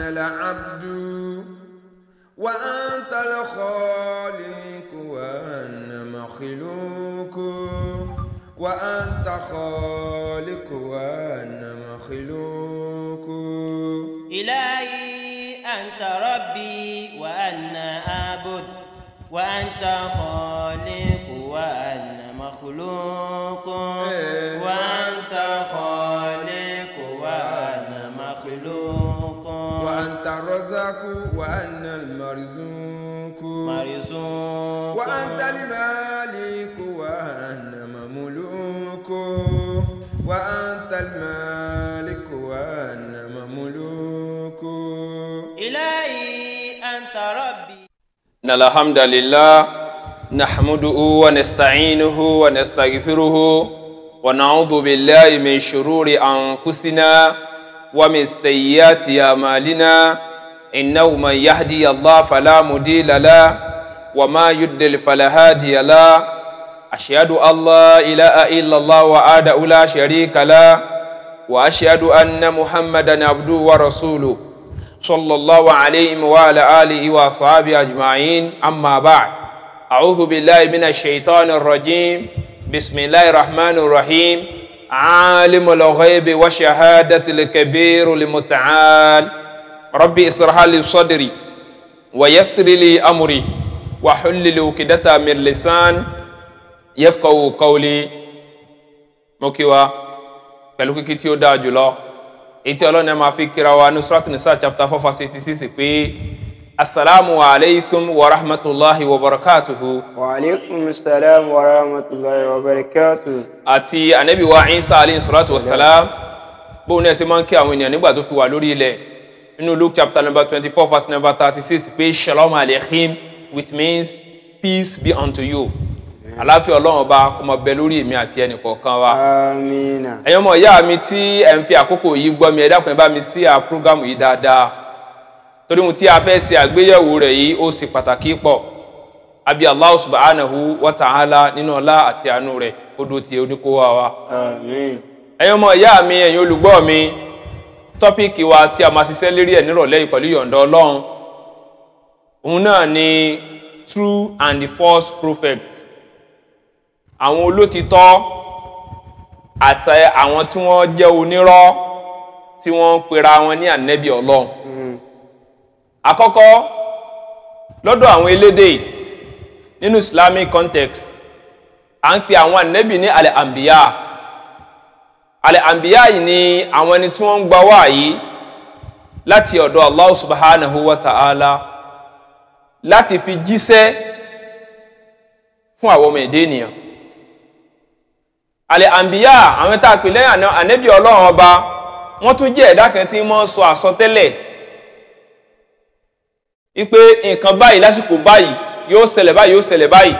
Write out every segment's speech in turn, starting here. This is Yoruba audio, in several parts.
العبد وأنت الخالق وأنا مخلوق وأنت خالق وأنا مخلوق إلهي أنت ربي وأنا أعبد وأنت خالق وأنا المرزوق مرزوق وأنت المالك وأنا مملوك وأنت المالك وأنا مملوك إلهي أنت ربي إن الحمد لله نحمده ونستعينه ونستغفره ونعوذ بالله من شرور أنفسنا ومن سيئات أعمالنا إنه من يهدي الله فلا مديل له وما يدل فلا هادي له أشهد أن لا إله إلا الله وعده لا شريك له وأشهد أن محمدا عبده ورسوله صلى الله عليه وعلى آله وصحبه أجمعين أما بعد أعوذ بالله من الشيطان الرجيم بسم الله الرحمن الرحيم عالم الغيب وشهادة الكبير المتعال rabbi israhali sodiri wayasirili amuri wàhulili okidata min lisan yafqahu qawli mokiwa pẹ̀lú kíkí tí ó dáa jùlọ ètí ọlọ́ni máa fi kíra wa ní surat nisa chapter four verse sixty six pé asalaamu alaykum wa rahmatulahi wa barakatuhu. wa aleykum salaam wa rahmatulahi wa barakatuhu. àti anabi wa isa alayhi salatu wa salam bóun náà ṣe máa ń kí àwọn ènìyàn nígbà tó fi wà lórí ilẹ̀ nínú Luke chapter number twenty-four verse number thirty-six pé shalom aleichem which means peace be unto you àláfíà ọlọ́run ọba kó máa bẹ lórí èmi àti ẹnìkọ̀ọ̀kan wa. ẹ̀yin ọmọ ìyá mi tí ẹ̀ ń fi àkókò yìí gbọ́ mi ẹ dákun ẹ bá mi sí à prógámù yìí dáadáa torí mo ti a fẹ́ ṣe àgbéyẹ̀wò rẹ̀ yìí ó sì pàtàkì pọ̀ àbí Allah subhanahu wa ta'ala nínú ọlá àti àánú rẹ̀ ó dó ti oníkó wa wa. ẹ̀yin ọmọ ìyá mi ẹ̀yin olùgbọ́ mi tọ́píìkì wa tí a máa ṣiṣẹ́ lérí ẹ̀ nírọ̀lẹ́ yìí pẹ̀lú yọ̀ǹda ọlọ́run òun náà ni true and false prophet àwọn olótìtọ́ àti àwọn tí wọ́n jẹ́ onírọ́ tí wọ́n ń pera wọn ní ànẹ́bí ọlọ́run àkọ́kọ́ lọ́dọ̀ àwọn elédè nínú islamic context à ń pe àwọn ànẹ́bí ní alẹ́ àmbíyá al-anbiya yìí ni àwọn ẹni tí wọ́n ń gba wáàyí láti ọ̀dọ̀ Allah subhanahu wa ta'ala láti fi jíṣẹ́ fún àwọn ọmọ èdè ènìyàn al-anbiya àwọn tá a pè lẹ́yìn ànábì ọlọ́run ọba wọ́n tún jẹ́ ẹ̀dá kan tí wọ́n sọ àsọtẹ́lẹ̀ wípé nǹkan báyìí lásìkò báyìí yóò ṣẹlẹ̀ báyìí yóò ṣẹlẹ̀ báyìí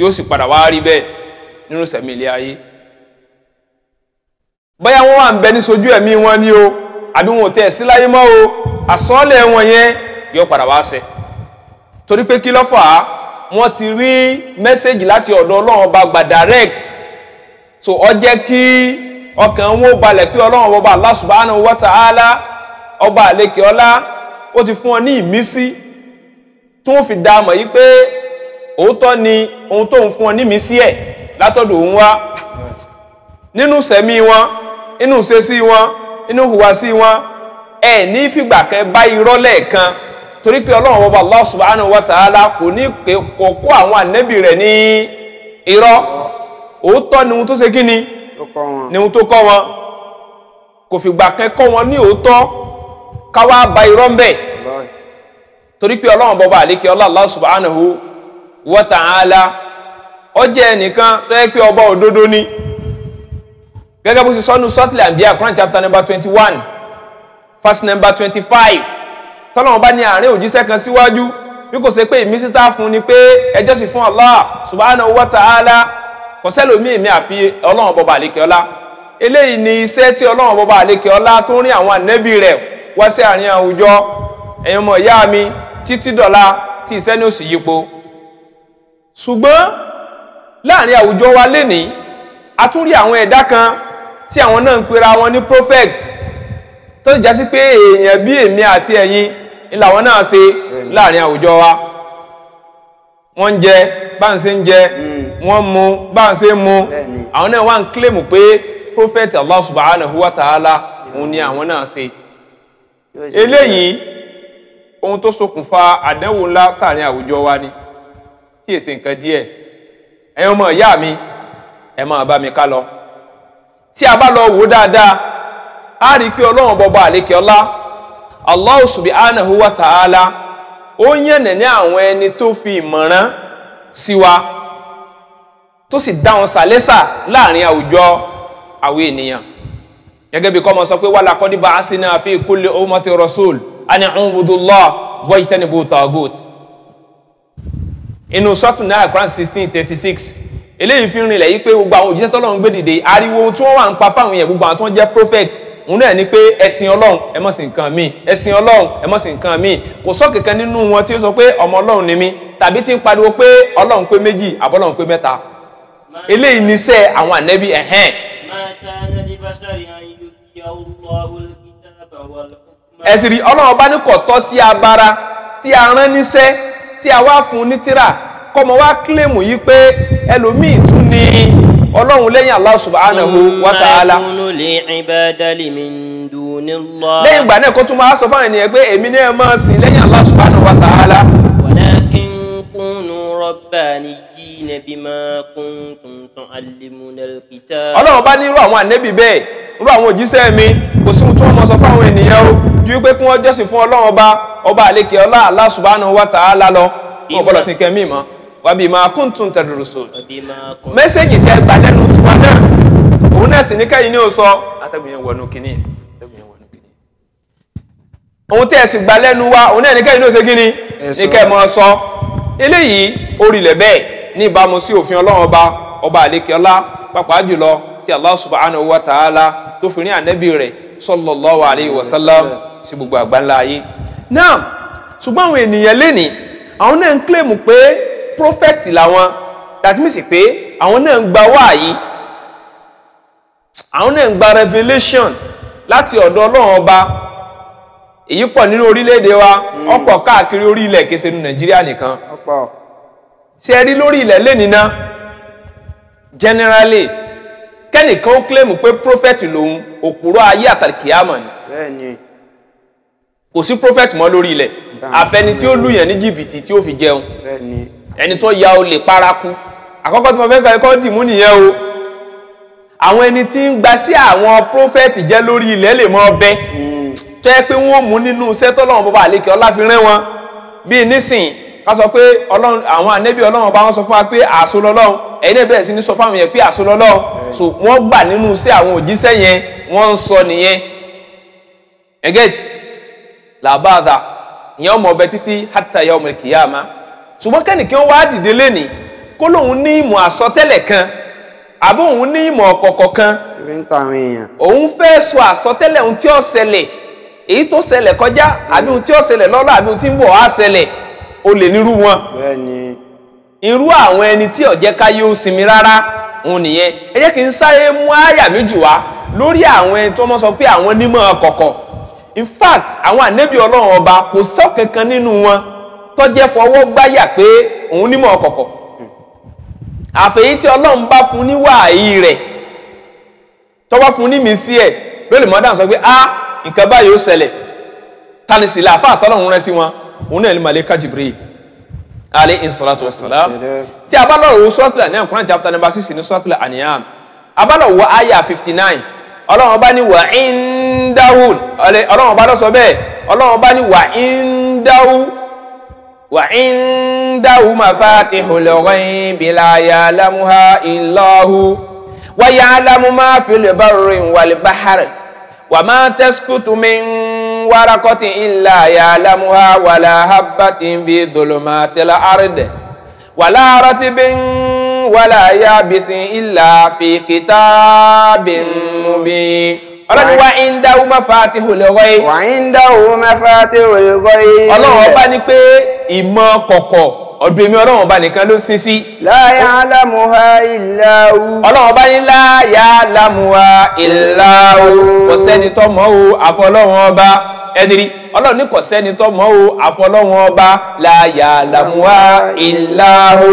yóò sì padà wá rí bẹ́ẹ̀ nínú sẹ̀mí ilé ayé bóyá wọ́n wà ń bẹ ní sojú ẹ̀mí wọn ni o àbí wọn ò tẹ̀ sí láyé mọ́ o àsọ́ọ̀lẹ̀ wọn yẹn yóò padà wá ṣẹ torí pé kí ló fà ti rí mẹ́sẹ̀gì láti ọ̀dọ̀ ọlọ́run ọba gba direct so ọ jẹ́ kí ọkàn wọn ó balẹ̀ pé ọlọ́run ọba Allah subhanahu wa ta'ala ọba àlekè ọlá ó ti fún ọ ní ìmísí tí wọ́n fi dá mọ̀ yí pé òótọ́ ni ohun tó ń fún ọ ní ìmísí ẹ̀ látọ̀dọ̀ òun wá nínú sẹ̀mí wọn inú ìṣesí wọn inú ìhùwàsí wọn ẹ ní fìgbà kẹ bá irọ́ lẹ́ẹ̀kan torí pé ọlọ́run ọba kò ní kò kó àwọn rẹ̀ ni ohun tó ṣe kí ni ni ohun tó kọ́ wọn kò fìgbà kẹ kọ́ wọn ní òótọ́ káwá ba irọ́ ń bẹ̀ torí pé ọlọ́run ọba àlékè ọlá ẹnìkan tó yẹ ni. gẹ́gẹ́ bó ṣe sọ́nu sọ́tìlẹ̀ àbíyá Quran chapter number twenty one verse number twenty five tọ́lọ́mọ bá ní àárín òjíṣẹ́ kan síwájú bí kò ṣe pé ìmísítà fún ni pé ẹ jọ́sìn fún Allah subhanahu wa ta'ala kò sẹ́lòmíì mi àfi ọlọ́run bọba àlékèọ́lá eléyìí ni iṣẹ́ tí ọlọ́run bọba àlékèọ́lá tó ń rí àwọn ànẹ́bí rẹ̀ wá sí àárín àwùjọ ẹ̀yin ọmọ ìyá mi títí dọ̀la tí iṣẹ́ ní òsì yípo ṣùgbọ́n láàrin àwùjọ wa lénìí a tún rí àwọn ẹ̀dá kan tí àwọn náà ń pera wọn ní prophet tó ti já sí pé èèyàn bí èmi àti ẹ̀yin ńlá wọn náà ṣe láàrin àwùjọ wa wọ́n ń jẹ bá ń ṣe ń jẹ hmm. wọ́n mu bá ń ṣe ń mu àwọn náà wá ń kílèmù pé prophet Allah subhanahu wa ta'ala òun ni àwọn náà ṣe eléyìí ohun tó ṣokùnfà àdánwò ńlá sáàrin àwùjọ wa ni tí èsì nǹkan díẹ̀ ẹ̀yin ọmọ ìyá mi ẹ máa bá mi ká lọ tí a bá lọ wò dáadáa a rí i pé ọlọ́run bọba àlékè ọlá allah subhanahu wa ta'ala ó yànnà ní àwọn ẹni tó fi ìmọ̀ràn sí wa tó sì dá wọn sàlẹ́sà láàrin àwùjọ àwọn ènìyàn gẹ́gẹ́ bí kọ́mọ sọ pé wà lákọ́dí bá a sì náà fi rasul ani ọ̀húnbùdúlọ́ wọ́yítẹ́nibù tọ́gùt inú sọ́tún náà Quran sixteen thirty six eléyìí fi rinlẹ̀ yìí pé gbogbo àwọn òjíṣẹ́ tọ́lọ́run gbé dìde ariwo tí wọ́n wà ń pa fáwọn èèyàn gbogbo àwọn tó ń jẹ́ prophet òun náà ni pé ẹ̀sìn ọlọ́run ẹ má sìn nǹkan míì ẹ̀sìn ọlọ́run ẹ má sìn nǹkan míì kò sọ kankan nínú wọn tí ó sọ pé ọmọ ọlọ́run ni mí tàbí tí ń pariwo pé ọlọ́run pé méjì àbọ́lọ́run pé mẹ́ta eléyìí níṣẹ́ àwọn ànẹ́bí ẹ̀hẹ́n. ẹ ti rí ọlọ́run bá ní kò tọ́ sí abara tí a rán níṣẹ́ tí a wá fún ní tírà kọmọ wa kílèmù yìí pé ẹlòmíì tún ni ọlọ́run lẹ́yìn Allah subhanahu wa ta'ala. lẹ́yìn ìgbà náà kó tún máa sọ fáwọn ènìyàn pé èmi náà máa sìn lẹ́yìn Allah subhanahu ọlọ́run bá ní àwọn ànẹ́bì bẹ́ẹ̀ irú àwọn òjíṣẹ́ mi kò sí ohun tí sọ fáwọn ènìyàn o ju pé kí wọ́n jọ́sìn fún ọlọ́run ọba ọba àlekè ọlá Allah subhanahu lọ wọn bọ́lọ̀ sí kẹ́mí mọ́ wàbí máa kún tún tẹ̀dùrù sọ. mẹ́sẹ̀gì tẹ́ gbà lẹ́nu tiwa náà òun náà sì ní káyìí ní o sọ atẹ́gùn yẹn wọnú kínní òun tẹ́ ẹ̀ sì gbà lẹ́nu wa òun náà ní káyìí ní o ṣe kínní ní kẹ́ ẹ̀ mọ́ sọ eléyìí orílẹ̀ bẹ́ẹ̀ ní ìbámu sí òfin ọlọ́run ọba ọba àlekè ọlá jùlọ tí Allah subhanahu wa ta'ala tó fi rí ànẹ́bí rẹ̀ sallallahu alayhi wa sallam sí gbogbo àgbáńlá ayé náà ṣùgbọ́n àwọn ènìyàn lénìí àwọn náà ń kílèmù pé prophet làwọn that means pé àwọn náà ń gba wáàyí àwọn náà ń gba revelation láti ọ̀dọ̀ ọlọ́run ọba èyí pọ̀ nínú orílẹ̀-èdè wa ọ̀pọ̀ hmm. káàkiri orí ilẹ̀ kése nu nàìjíríà nìkan ṣe rí lórí ilẹ̀ lẹ́nìíná generally kẹ́nìkan ó claim pé prophet lòun òpùrọ̀ ayé àtàkìyàmọ̀ ni kò sí prophet mọ́ lórí ilẹ̀ àfẹni tí ó lùyàn ní jìbìtì tí ó fi jẹun ẹni tó ya olè paraku àkọ́kọ́ tí mo fẹ́ kọ́ ẹ̀kọ́ dìmú nìyẹn o àwọn ẹni tí ń gba sí àwọn prófẹ́tì jẹ́ lórí ilẹ̀ lè mọ ọbẹ̀ tó yẹ pé wọ́n mú nínú iṣẹ́ tọ́lọ́run bọ́ba àlékè ọlá fi rán wọn bíi nísìn ká sọ pé àwọn ànẹ́bí ọlọ́run bá wọn sọ fún wa pé àṣọ lọ́lọ́run ẹ̀yin náà bẹ̀rẹ̀ sí ní sọ fáwọn yẹn pé àṣọ lọ́lọ́run so wọ́n gbà nínú iṣẹ́ àwọn òjíṣẹ́ yẹn wọ́n ń sọ nìyẹn ẹ̀gẹ́tì làbáàdà ìyẹn ọmọ ọbẹ̀ títí hátà yawmul ṣùgbọ́n kẹ́nìkan wá dìde lẹ́ni kó lóun ní ìmọ̀ àsọtẹ́lẹ̀ kan àbí òun ní ìmọ̀ ọ̀kọ̀ọ̀kọ̀ kan òun fẹ́ sọ àsọtẹ́lẹ̀ ohun tí ó ṣẹlẹ̀ èyí tó ṣẹlẹ̀ kọjá àbí ohun tí ó ṣẹlẹ̀ lọ́la àbí ohun tí ń bọ̀ á ṣẹlẹ̀ o lè nírú wọn irú àwọn ẹni tí ó jẹ́ káyé sinmi rárá òun nìyẹn ẹ jẹ́ kí n sáré mú àyà méjì wá lórí àwọn ẹni tó mọ́ sọ pé àwọn onímọ̀ ọ̀kọ̀ọ̀kọ̀ in fact àwọn ànẹ́bí ọlọ́run ọba kò sọ́ọ̀kankan nínú wọn tó jẹ́ fọwọ́ gbáyà pé òun nímọ̀ ọkọ̀kọ̀ àfẹ̀yí tí ọlọ́run bá fún ní wàáyí rẹ̀ tó bá fún ní sí ẹ̀ ló lè sọ pé a nǹkan báyìí ó ṣẹlẹ̀ tani sì là fáà tọ́lọ́run rán sí wọn òun náà ní màlẹ́kà Jibril alayhi salatu wassalam tí a bá lọ wo suratul An'am Quran chapter number six ní suratul An'am a bá lọ wo aya fifty nine ọlọ́run ọba ní wà ń dáwùn ọlọ́run ọba lọ sọ bẹ́ẹ̀ ọlọ́run ọba ní wà ń dáwùn. وعنده مفاتح الغيب لا يعلمها إلا هو ويعلم ما في البر والبحر وما تسكت من ورقة إلا يعلمها ولا هبة في ظلمات الأرض ولا رتب ولا يابس إلا في كتاب مبين ọlọ́run wá ń dáwó mafatihul ghaib. wà ń dáwó mafatihul ghaib. ọlọ́run ọba ní pé ìmọ̀ kọ̀kọ̀ ọ̀dọ̀ èmi ọlọ́run ọba nìkan ló sin sí. la ya'lamuha illa hu. ọlọ́run ọba ní la ya'lamuha illa hu. kò sẹ́ni tó mọ̀ o àfọlọ́run ọba ẹ̀dìrí ọlọ́run ní kò sẹ́ni tó mọ̀ o àfọlọ́run ọba la ya'lamuha illa hu.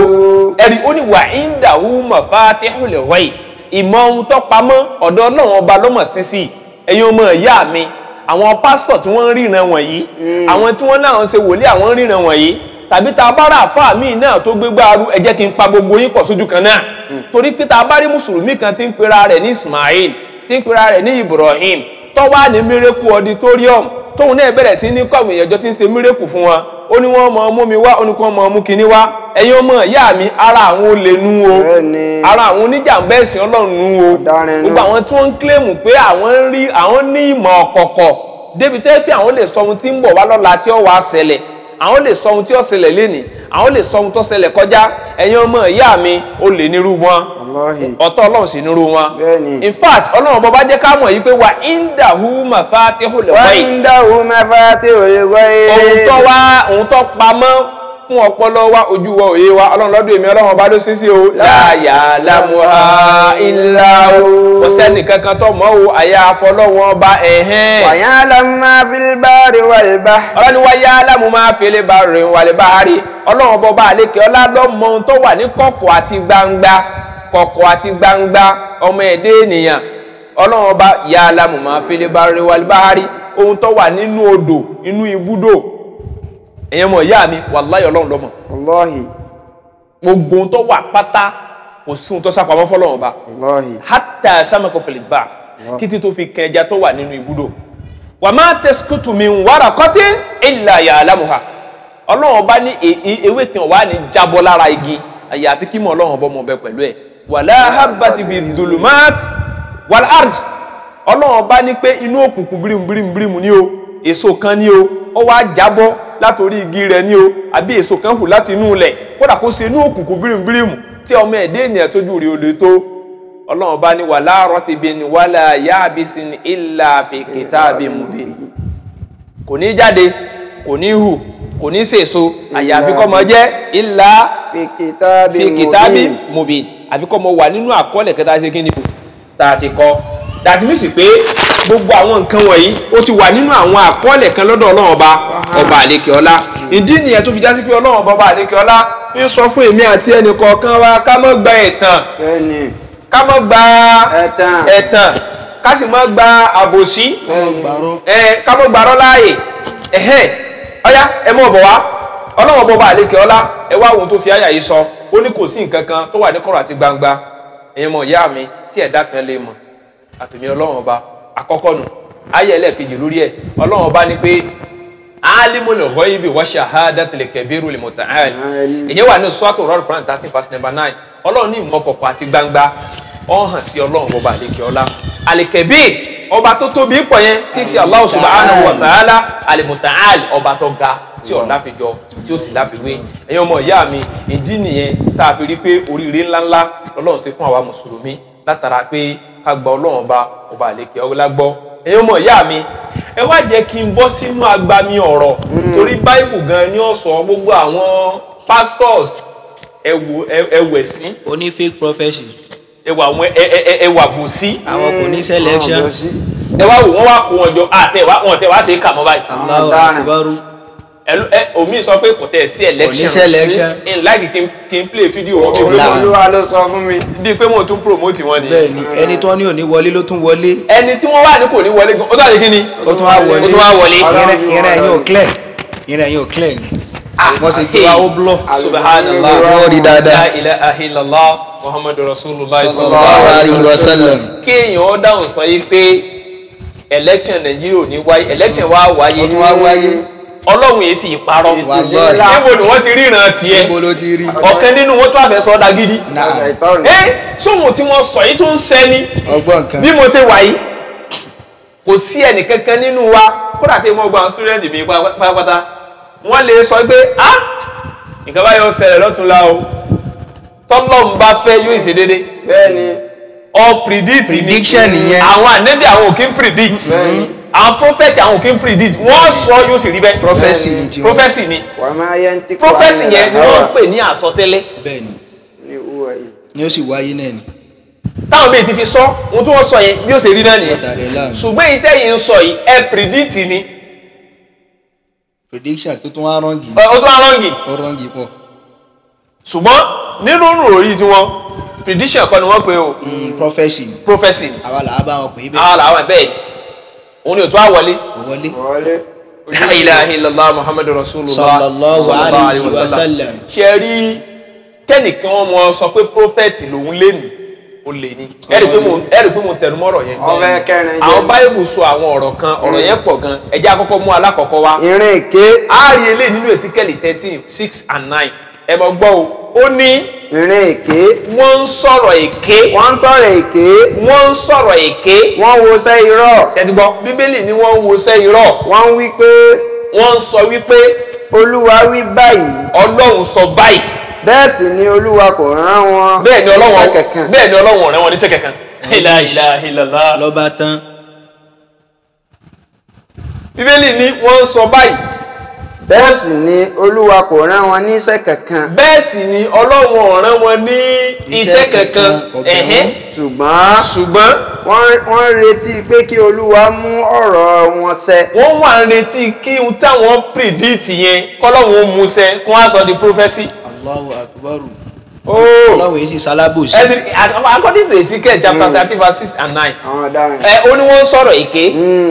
ẹ̀rí ó ní wà ń dáwó mafatihul ghaib ìmọ̀ ohun tó pamọ́ ọ̀dọ̀ ọlọ́run ọba lọ́mọ̀ sí sí ẹ̀yin ọmọ ìyá mi àwọn pásítọ̀ tí wọ́n ń ríran wọ̀nyí hmm. àwọn tí wọ́n náà ń ṣe wòlíì àwọn ń ríran wọ̀nyí tàbí tá a bá ra àfáà míì náà tó gbégbá aru ẹ jẹ́ kí n pa gbogbo yín pọ̀ sójú kan náà hmm. torí pé tá a bá rí mùsùlùmí kan tí ń pera rẹ̀ ní Ismail tí ń pera rẹ̀ ní Ibrahim tó wà ní miracle auditorium tóun náà bẹ̀rẹ̀ sí ní kọ̀wé ìyẹ̀jọ́ tí ń ṣe mírèkù fún wọn ó ní wọ́n mọ ọmú mi wá ó ní kí wọ́n mọ ọmú kinní wá ẹ̀yin ọmọ ìyá mi ara àwọn olè nu o ara àwọn oníjàmbá ẹ̀sìn ọlọ́run nu o gbogbo àwọn tí wọ́n ń kílèmù pé àwọn ń rí àwọn ní ìmọ̀ ọ̀kọ̀ọ̀kọ̀ débi tẹ́ pé àwọn lè sọ ohun tí ń bọ̀ wá lọ́la tí ó wàá ṣẹlẹ̀ àwọn lè sọ ohun tí ó ṣẹlẹ̀ lénìí àwọn lè sọ ohun tó ṣẹlẹ̀ kọjá ẹ̀yin ọmọ ìyá mi olè nírú wọn ọ̀tọ̀ ọlọ́run sì nírú wọn. in fact ọlọ́run bọ́ bá jẹ́ ká mọ̀ yìí pé wa indahu mafatihul ghaib. wa indahu mafatihul ghaib. ohun tó wá ohun tó pamọ́ fún ọpọlọ wa ojú wa òye wa ọlọ́run lọ́dún èmi ọlọ́run ọba ló sísí o. láàyà lámúhà ilá o. kò sẹ́ni kankan tó mọ̀ o àyà àfọlọ́wọ́n ọba ẹ̀hẹ́n. wàyà lámú máa fi báàrí wàlíbá. ọlọ́ni wáyà lámú máa fi báàrí wàlíbá rí ọlọ́run bọba àlékè ọlá lọ́mọ ohun tó wà ní kọ̀kọ̀ àti gbangba ọmọ ẹ̀dẹ́ ènìyàn ọlọ́run ọba ya alamu máa fi lè bára wà báhárí ohun tó wà nínú odò inú ibùdó ẹ̀yẹn mọ̀ ìyá mi wàláhì ọlọ́run lọ́mọ. Wallahi. gbogbo ohun tó wà pátá kò sí ohun tó sápamọ́ fọlọ́run ọba. Wallahi. hátà sámakọ̀ fẹ̀lẹ̀ títí tó fi kẹ tó wà nínú ibùdó. wà má tẹ̀síkùtù mi ń kọ́tí ìlà ya alamu ha ọlọ́run ọba ní e-, e-, ewé kan wà ní jábọ́ lára igi àyàfi kí mọ̀ ọlọ́run ọba ọmọ ọbẹ̀ pẹ̀lú ẹ̀ wàlá habati fi dulumat wàlá arj ọlọ́run bá ní pé inú òkùnkùn bírímùbírímù ni o èso kan ni o ó wá jábọ́ látòrí igi rẹ̀ ni o àbí èso kan hù láti inú ilẹ̀ kódà kó ṣe inú òkùnkùn bírímùbírímù tí ọmọ ẹ̀dẹ́ ènìyàn tójú rí olè tó ọlọ́run bá ní wàlá rọ́tìbìn wàlá yáàbísìn ìlà fi kitabim mubin kò ní jáde kò ní hù kò ní sèso àyàfi kó máa jẹ́ ìlà fi kitabim mubin àfikọ́ mọ wà nínú àkọọ́lẹ̀ kẹta ṣe kí ni o tá a ti kọ́ dàtí mi sì pé gbogbo àwọn nǹkan wọ̀nyí ó ti wà nínú àwọn àkọọ́lẹ̀ kan lọ́dọ̀ ọlọ́run ọba ọba àlékè ọlá ìdí nìyẹn tó fi já sí pé ọlọ́run ọba ọba àlékè ọlá ń sọ fún èmi àti ẹnì kọ̀ọ̀kan wa ká má gba ẹ̀tàn ká má gba ẹ̀tàn ká sì má gba àbòsí ká má gbarọ́ láàyè ọ̀yá ẹ mọ̀ bọ̀ wá ọlọ́run ọba ọba àlékè ẹ wá ohun tó fi àyà yìí sọ ó ní kò sí nǹkan kan tó wà ní kọ̀rọ̀ àti gbangba ẹ̀yin ọmọ ìyá mi tí ẹ̀dá kan lè mọ̀ àfẹ̀mí ọlọ́run ọba àkọ́kọ́ nù ayé ẹlẹ́ẹ̀kejì lórí ẹ̀ ọlọ́run ọba ní pé alimul ghaibi wa shahadatil kabirul muta'al ìyẹn wà ní sọ́tò rọ́ọ̀rù plan thirteen verse number nine ọlọ́run ní ìmọ̀ kọ̀kọ̀ àti gbangba ó hàn sí ọlọ́run ọba àlekèọ́lá àlekèbíì ọba tó tóbi pọ̀ yẹn tí ń ṣe Allah subhanahu wa ta'ala al-muta'al ọba tó ga tí ò láfijọ tí ó sì láfiwé ẹ̀yin ọmọ ìyá mi ìdí nìyẹn tá a fi rí pé oríire ńláńlá lọ́lọ́run ṣe fún àwa mùsùlùmí látara pé ká gba ọlọ́run ọba ọba àlekè ọlá gbọ́ ẹ̀yin ọmọ ìyá mi ẹ wá jẹ́ kí n bọ́ sínú agbami ọ̀rọ̀ hmm. torí báìbù gan ni ó sọ gbogbo àwọn pastors ẹwù ẹ̀sìn. oní fake prophecy. ẹwà àwọn ẹwà bòsí. àwọn kò ní selection. ẹ wá wò wọ́n wá kó wọn jọ àtẹ̀wá ah, wọn tẹ̀ wá sí kà mọ́ báyìí. Eh, omi sọ pé kò tẹ̀ sí election in like kí n kí n play fídíò wọn. olúwa ló sọ fún mi. bíi pé mò ń tún promote wọn ni. bẹ́ẹ̀ni ẹni tó ní òní wọlé ló tún wọlé. ẹni tí wọn wà ní kò ní wọlé gan o tó àti kí ni. o tún wá wọlé o tún wá wọlé. ìrìn ẹ̀yìn ò clear ìrìn ẹ̀yìn ò clear ni. wọ́n ah, sì ah, gbé wa ó blọ̀. subhanallah wọ́n rí dáadáa. la ilaha illallah muhammadu rasulullah sallallahu alayhi wa sallam. kéèyàn ó dáhùn sọ election nàìjíríà ò ní election wa wáyé ọlọ́run yìí sì parọ́ níbo ni wọ́n ti ríran tiẹ̀ ọ̀kan nínú wọn tó àfẹsọ dagidi ẹ sóhun tí wọ́n sọ yìí tó ń sẹ́ni bí mo ṣe wà yìí kò sí ẹnì nínú wa kódà tí mo gba àwọn student mi pátápátá wọ́n lè sọ pé ah nǹkan báyọ̀ ṣẹlẹ̀ lọ́túnla o tọ́lọ́run bá fẹ́ yóò ṣe déédéé bẹ́ẹ̀ ni all predict ni àwọn ànẹ́bí àwọn ò kí ń predict àwọn prophet àwọn òkè ń predict wọ́n sọ yóò sì rí bẹ́ẹ̀. prophecy ni tiwọn prophecy ni prophecy yẹn ni wọ́n ń pè ní àsọtẹ́lẹ̀. bẹ́ẹ̀ni ni ó sì wáyé náà ni. táwọn bíi ti fi sọ ohun tí wọ́n sọ yẹn bí ó ṣe rí náà nìyẹn ṣùgbọ́n èyí tẹ́yìn ń sọ yìí ẹ predict ni. prediction tó tún wá rọ́ǹgì. ó tún wá rọ́ǹgì. ó rọ́ǹgì pọ̀. ṣùgbọ́n nínú ìròyìn tiwọn prediction kọ́ ni wọ́n pe o. Hmm, prophecy. prophecy. àwa làá bá wọn pè é bẹ́ẹ̀. àwa làá bẹ́ẹ̀ òun ni ò tó àwọlé. wọlé. la ilaha illallah muhammadu rasulullah sallallahu alayhi wa sallam. ṣe kẹ́nìkan wọn sọ pé prophet lòun lé ní o lè ní ẹ̀rí pé mo tẹnu mọ́rọ̀ yẹn. ọ̀rẹ́ kẹrin jẹ́ àwọn báyìbù sọ àwọn ọ̀rọ̀ kan ọ̀rọ̀ yẹn pọ̀ gan ẹ̀jẹ̀ àkọ́kọ́ mú alákọ̀ọ́kọ́ wa. ìrìn èké. a rí eléyìí nínú Èsíkẹ́lì thirteen six and nine ẹ mọ gbọ́ o ó ní. ìrìn èké. wọ́n ń sọ̀rọ̀ èké. wọ́n ń sọ̀rọ̀ èké. wọ́n ń sọ̀rọ̀ èké. wọ́n ń wọṣẹ́ irọ́. ṣètìgbọ́ bíbélì ni wọ́n ń wọṣẹ́ irọ́. wọ́n ń wí pé. wọ́n ń sọ wípé. olúwa wí báyìí. ọlọ́run sọ báyìí. bẹ́ẹ̀ sì ni olúwa kò rán wọn. bẹ́ẹ̀ ni ọlọ́run bẹ́ẹ̀ ni ọlọ́run rán wọn níṣẹ́ kankan. ilaha ilaha illallah. lọ́ba tán. bíbélì ni wọ́n ń sọ báyìí bẹ́ẹ̀ sì ni olúwa kò rán wọn ní iṣẹ́ kankan. bẹ́ẹ̀ sì ni ọlọ́run ò rán wọn ní iṣẹ́ kankan ṣùgbọ́n ṣùgbọ́n wọ́n ń retí pé kí olúwa mú ọ̀rọ̀ wọn ṣẹ. wọ́n wà ń retí kí n táwọn predict yẹn kọ́lọ́run mú ṣẹ kí wọ́n sọ di prophecy. Allahu Akbar oh. ọlọ́run yìí sì sálábòsí. according to Ezekiel chapter hmm. thirty verse six and nine. àwọn ọ̀daràn. ẹ ó ní wọ́n sọ̀rọ̀ èké. Hmm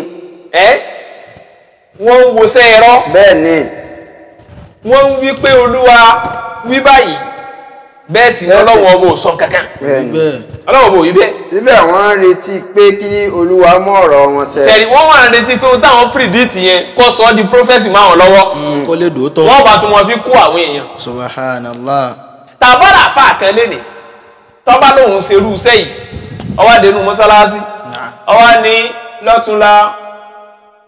wọ́n ń wosẹ́ ẹ̀rọ. bẹ́ẹ̀ ni. wọ́n ń wí pé olúwa wí báyìí bẹ́ẹ̀ sì ni ọlọ́wọ́ ọmọ ò sọ kankan. bẹ́ẹ̀ ọlọ́wọ́ ọmọ ò yí bẹ́ẹ̀. síbẹ̀ wọ́n ń retí pé kí olúwa mú ọ̀rọ̀ wọn ṣẹ. sẹ́ni wọ́n wà ń retí pé ohun táwọn predict yẹn kó sọ ọ́ di prophesy máa wọn lọ́wọ́. Mm, kó lè dòótọ́. wọ́n bá tún wọn fi kú àwọn èèyàn. subhanallah. tàbọ̀dà fà kan lẹ́nìí tọ́ba lòun ṣerú iṣẹ́ yìí ọwọ́ àdénú mọ́sálásí ọwọ́ ni lọ́túnla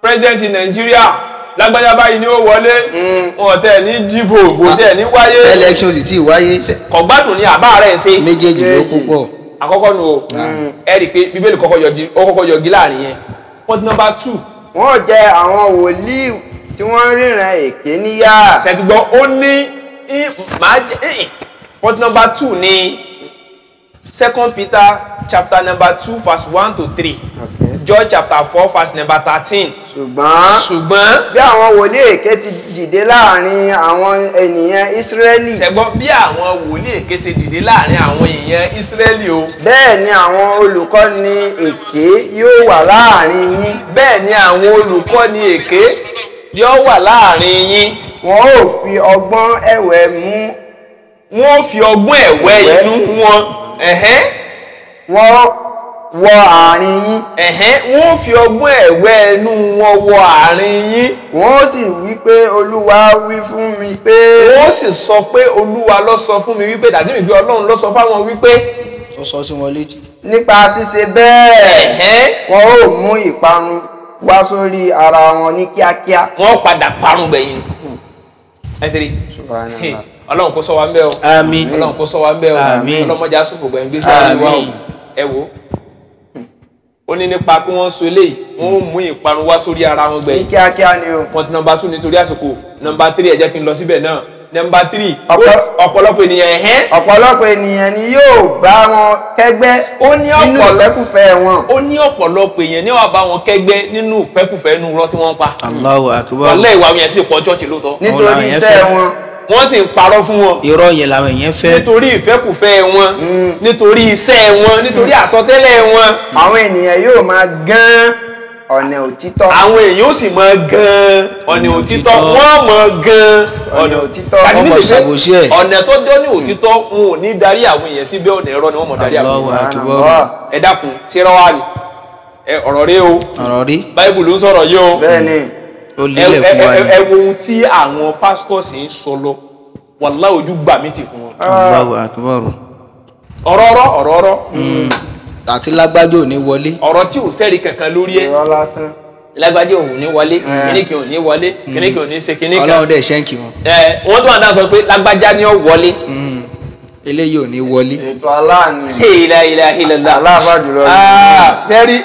president in nàìjíríà lágbájá báyìí ni ó wọlé hmm. wọn tẹ ní dìbò bò ah, tẹ ní wáyé election sì ti wáyé kọgbádùn ni àbá rẹ̀ ṣe méjèèjì ló púpọ̀ àkọ́kọ́ nu o ah. ẹ rí i pé bíbélì kọ́kọ́ yọgi láàrin yẹn point number two. wọ́n jẹ àwọn wòlíì tí wọ́n ríran èké níyà. ṣètùgbọ́ ó ní màá jẹ point number two ni second peter chapter number two verse one to three. John chapter four verse number thirteen. ṣùgbọ́n ṣùgbọ́n. bí àwọn wòlíì èké ti dìde láàrin àwọn ènìyàn Ísírẹ́lì. ṣẹ̀gbọ́n bí àwọn wòlíì èké ṣe dìde láàrin àwọn èèyàn Ísírẹ́lì o. bẹ́ẹ̀ ni àwọn olùkọ́ni èké yóò wà láàrin yín. bẹ́ẹ̀ ni àwọn ni èké yóò wà láàrin yín. wọn ò fi ọgbọ́n ẹ̀wẹ̀ mú. wọn ò fi ọgbọ́n ẹ̀wẹ̀ inú wọn. wọn wọ àárín yín. ẹ̀hẹ́n wọ́n fi ọgbọ́n ẹ̀wẹ́ ẹnu wọn wọ àárín yín. wọ́n sì wí pé olúwa wí fún mi pé. wọ́n sì sọ pé olúwa ló sọ fún mi wípé dàbí mi bí ọlọ́run ló sọ fáwọn wípé. ó sọ sí wọn létí. nípa ṣíṣe bẹ́ẹ̀ wọn ó mú ìparun wá sórí ara wọn ní kíákíá. wọ́n padà parun gbẹ̀yìn hmm. ẹ tẹ̀lé ọlọ́run kó ṣọ́ wa ń bẹ o ọlọ́run kó ṣọ́ wa ń bẹ o ọlọ́mọdé asòfò ó ní nípa pé wọ́n so eléyìí wọ́n ó mú ìparun wá sórí ara wọn gbẹ̀yìn. ní kíákíá ni o. pọ́ńtì nọmba two nítorí àsìkò nọmba three ẹ jẹ́ kí n lọ síbẹ̀ náà nọmba three ọ̀pọ̀lọpọ̀ ènìyàn ẹ̀hẹ́. ọ̀pọ̀lọpọ̀ ènìyàn ni yóò bá wọn kẹ́gbẹ́ nínú ìfẹ́kùfẹ́ wọn. ó ní ọ̀pọ̀lọpọ̀ èèyàn ni wọ́n bá wọn kẹ́gbẹ́ nínú ìfẹ́kùfẹ́ inú irọ́ tí wọ́n pa. Allahu akbar wọ́n sì ń parọ́ fún wọn. irọ́ yẹn làwọn èèyàn fẹ́. nítorí ìfẹ́kùfẹ́ wọn mm. nítorí iṣẹ́ wọn nítorí mm. àsọtẹ́lẹ̀ wọn. àwọn ènìyàn yóò máa gán ọ̀nà òtítọ́. àwọn èèyàn ó sì máa gan ọ̀nà òtítọ́ wọ́n máa gan ọ̀nà òtítọ́. wọ́n mọ̀ ṣàbòsí ẹ̀. ọ̀nà tó dọ́ ní òtítọ́ wọn ò ní darí àwọn èèyàn síbẹ̀ ọ̀nà ẹ̀rọ ni wọ́n mọ̀ darí àwọn èèyàn. ẹ dákun ṣé rọ́wá ni ọ̀rọ̀ rí o báyìbù ló ń sọ̀rọ̀ yìí o. bẹ́ẹ̀ ó lélẹ̀ fún wa ni. ẹ wo ohun tí àwọn pastors ń sọ lọ wàlá ojú gbà mí ti fún wọn. Allahu akbar. ọ̀rọ̀ọ̀rọ̀ ọ̀rọ̀ọ̀rọ̀. Hmm. àti lágbájá ò ní wọlé. ọ̀rọ̀ tí ò sẹ́rí kankan lórí ẹ̀. ìrọ̀ lásán lágbájá ò ní wọlé eh. kíníkì ò ní wọlé hmm. kíníkì ò ní ṣe kíníkì. ọlọ́run dẹ̀ ṣẹ́ǹkì wọn. ẹ eh, wọ́n tún àdá sọ pé lágbájá ni ó wọlé hmm. eléyìí ò ní wọlé. ètò aláàánú. ilà ilà ilà ilà. aláàbàdúrà. sẹ́rí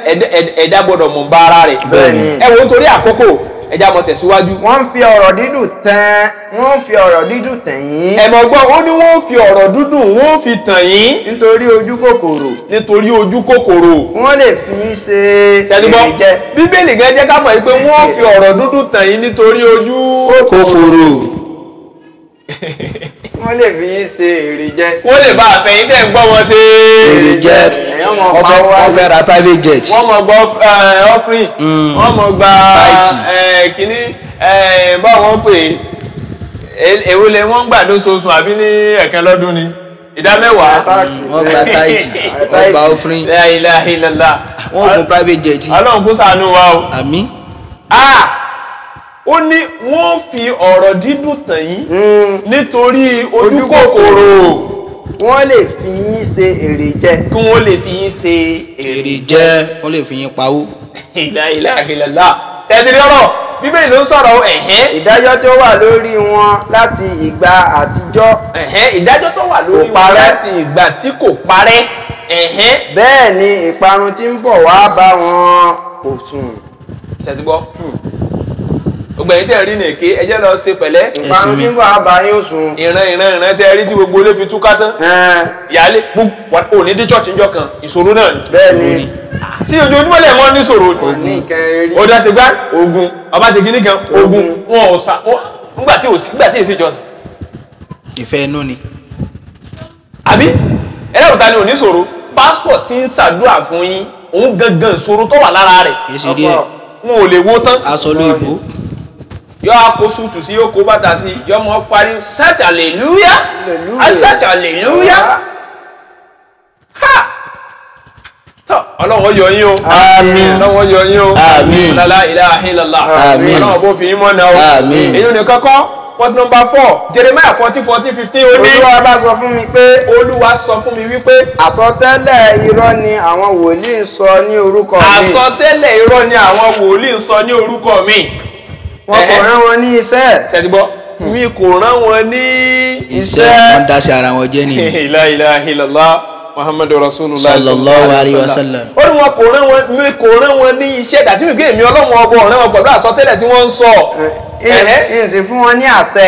ẹ̀dá gbọ́dọ̀ mọ̀ bá ara rẹ̀. bẹ́ẹ̀ ni. ẹ eh, wo nítorí àkókò ẹja mọ tẹ̀síwájú. wọ́n fi ọ̀rọ̀ dídùn tán wọ́n fi ọ̀rọ̀ dídùn tàn yín. ẹ̀mọ̀ gbọ́ ó ní wọ́n fi ọ̀rọ̀ dúdùn wọ́n fi tàn yín. nítorí ojú kòkòrò. nítorí ojú kòkòrò. wọ́n lè fi í ṣe èrè jẹ. bíbélì gan jẹ́ ká mọ̀ pé wọ́n fi ọ̀rọ̀ dúdùn tàn yín nítorí ojú kòkòrò wọ́n lè fi yín ṣe èrè jẹ. wọ́n lè bá àfẹ̀yìn tẹ̀ ń gbọ́ wọn ṣe. èrè jẹ ọfẹ ra private jet. wọ́n mọ̀ gbọ́ eh, offering hmm. wọ́n mọ̀ gba eh, kínní eh, báwo wọ́n pè é èwo lè wọ́n gbà lóṣooṣù àbí ní ẹ̀kan lọ́dún ni ìdá mẹ́wàá. wọ́n gba táìtì wọ́n gba offering. la ilaha illallah. wọ́n gun private jet. ọlọ́run kó ṣàánú wa o. àmín. ah ó ní wọ́n fi ọ̀rọ̀ dídùn tàn yín hmm. nítorí ojú kòkòrò wọ́n lè fi yín ṣe èrè jẹ. kí wọ́n lè fi yín ṣe èrè jẹ wọ́n lè fi yín pawó. ìlà ìlà ìlàlá tẹ̀sílẹ̀ ọ̀rọ̀ bíbélì ló ń sọ̀rọ̀ ẹ̀hẹ́n. ìdájọ́ tó wà lórí wọn láti ìgbà àtijọ́. ẹ̀hẹ́n ìdájọ́ tó wà lórí wọn láti ìgbà tí kò parẹ́. ẹ̀hẹ́n. bẹ́ẹ̀ ni ìparun tí ń bọ̀ wá bá wọn kò sùn. ṣètìgbọ́ gbogbo ẹ̀yin tẹ́ rí ní èké ẹjẹ́ lọ ṣe pẹ̀lẹ́. ìparun kí n bá a bá yín òsùn. ìran ìran ìran tẹ́ rí tí gbogbo olè fi túká tán. ìyáálé ò ní dé church njọ kan ìṣòro náà ni. bẹ́ẹ̀ni. sí ojoojúmọ́ lẹ̀ wọ́n ní ìṣòro. ogun ọ̀dà ṣe gbá ogun ọba ṣe kíní kan ogun wọn ò sa nígbà tí òsì nígbà tí èsì jọsìn. ìfẹ́ inú ni. àbí ẹlẹ́wọ̀ta ni ò ní ìṣòro pásítọ̀ ti ń ṣàdúrà fún yín òun gangan ìṣòro tó wà lára rẹ̀. èsì díẹ̀ wọn ò lè wo tán. aṣọ ló ìbò yọ akó súùtù sí yóò kó bàtà sí yọ mọ parí search hallelujah i search hallelujah ah. ha tọ ọlọ́wọ́ yọ yín o àmín ọlọ́wọ́ yọ yín o àmín lálá ilaha illallah àmín ọlọ́wọ́ bó fi yín mọ́ náà o àmín èyí ni kọ́kọ́ port number four jeremiah forty, forty, fifteen ó ní. olúwa bá sọ fún mi pé. olúwa sọ fún mi wípé. àsọtẹ́lẹ̀ irọ́ ni àwọn wòlíì ń sọ ní orúkọ mi. àsọtẹ́lẹ̀ irọ́ ni àwọn wòlíì ń sọ ní orúkọ mi wọn kò rán wọn ní iṣẹ́. sẹ́tìbọ́ hmm. mi kò rán wọn ní iṣẹ́. iṣẹ́ wọn daṣẹ́ ara wọn jẹ́ nìyí. la ilaha illallah muhammadu rasulullah sallallahu alayhi wa sallam. ó ní wọn kò rán wọn mi kò rán wọn ní iṣẹ́ dàtí mi kí èmi ọlọ́run ọbọ̀ ọ̀rẹ́ wọn pẹ̀lú àsọtẹ́lẹ̀ tí wọ́n ń sọ. ìyẹn eh, eh, sì fún wọn ní àṣẹ.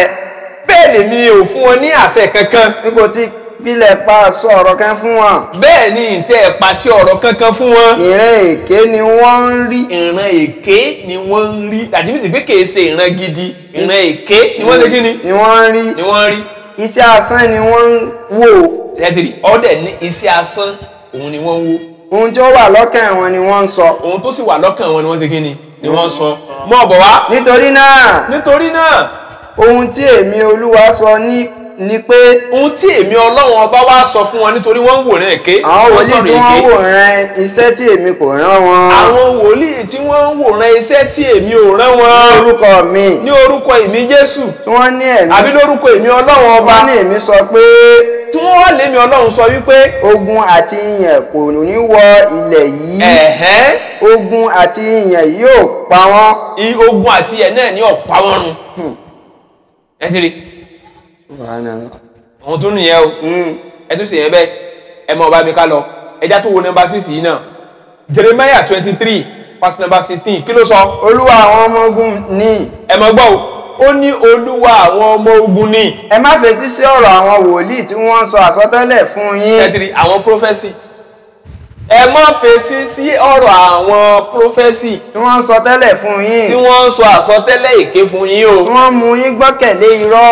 bẹ́ẹ̀ lèmi ò fún wọn ní àṣẹ kankan. n kò ti pilẹ̀ pa àṣọ ọ̀rọ̀ kan fún wọn. bẹ́ẹ̀ ni ìtẹ́ ẹ̀ pàṣẹ ọ̀rọ̀ kankan fún wọn. ìran èké ni wọ́n ń rí. ìran èké ni wọ́n ń rí àdìmísì pé kèé ṣe ìran gidi ìran èké ni wọ́n ṣe kí ni. ni wọ́n ń rí. ni wọ́n ń rí. iṣẹ́ asán ni wọ́n ń wò. ẹ̀tìrì ọ̀dẹ̀ ní iṣẹ́ asán òun ni wọ́n ń wò. ohun tí ó wà lọ́kàn wọn ni wọ́n ń sọ. ohun tó sì wà lọ́kàn wọn ni wọ́n ṣe kí ni ni wọ́n sọ. Mm. mọ́ ọ̀bọ̀ wá. nítorí náà. nítorí náà. ohun tí èmi olúwa sọ ní ni pé ohun tí èmi ọlọ́run ọba wá sọ fún wọn nítorí wọ́n ń wòran èké. àwọn wòlíì tí wọ́n ń wòran iṣẹ́ tí èmi kò rán wọn. àwọn wòlíì tí wọ́n ń wòran iṣẹ́ tí èmi ò rán wọn. ní orúkọ mi. ní orúkọ èmi Jésù. tí wọ́n ní ẹ̀mí. àbí lórúkọ èmi ọlọ́run ọba. wọ́n ní èmi sọ pé tí wọ́n wá lémi ọlọ́run sọ wípé. ogun àti ìyẹn kò ní wọ ilẹ̀ yìí. ẹ̀hẹ́n. ogun àti ìyẹn yóò pa wọ́n. ogun àti ìyẹn náà ni ó pa wọ́n run. Hmm. ẹ ti rí i àwọn tó nìyẹn o hmm. ẹ tún sì yẹn bẹ́ẹ̀ ẹ mọ ọba mi ká lọ ẹja tó wo nọ́mbà six yìí náà Jeremiah twenty three verse number sixteen kí ló sọ. olúwa àwọn ọmọ ogun ni. ẹ mọ gbọ́ o ó ní olúwa àwọn ọmọ ogun ni. ẹ má fetí sí ọ̀rọ̀ àwọn wòlíì tí wọ́n sọ àsọtẹ́lẹ̀ fún yín. ẹ ti àwọn prọfẹ́sì ẹ má fèsì sí ọ̀rọ̀ àwọn prófẹ́sì. tí wọ́n ń sọ tẹ́lẹ̀ fún yín. tí wọ́n ń sọ àsọtẹ́lẹ̀ èké fún yín o. tí wọ́n mú yín gbọ́kẹ̀lé irọ́.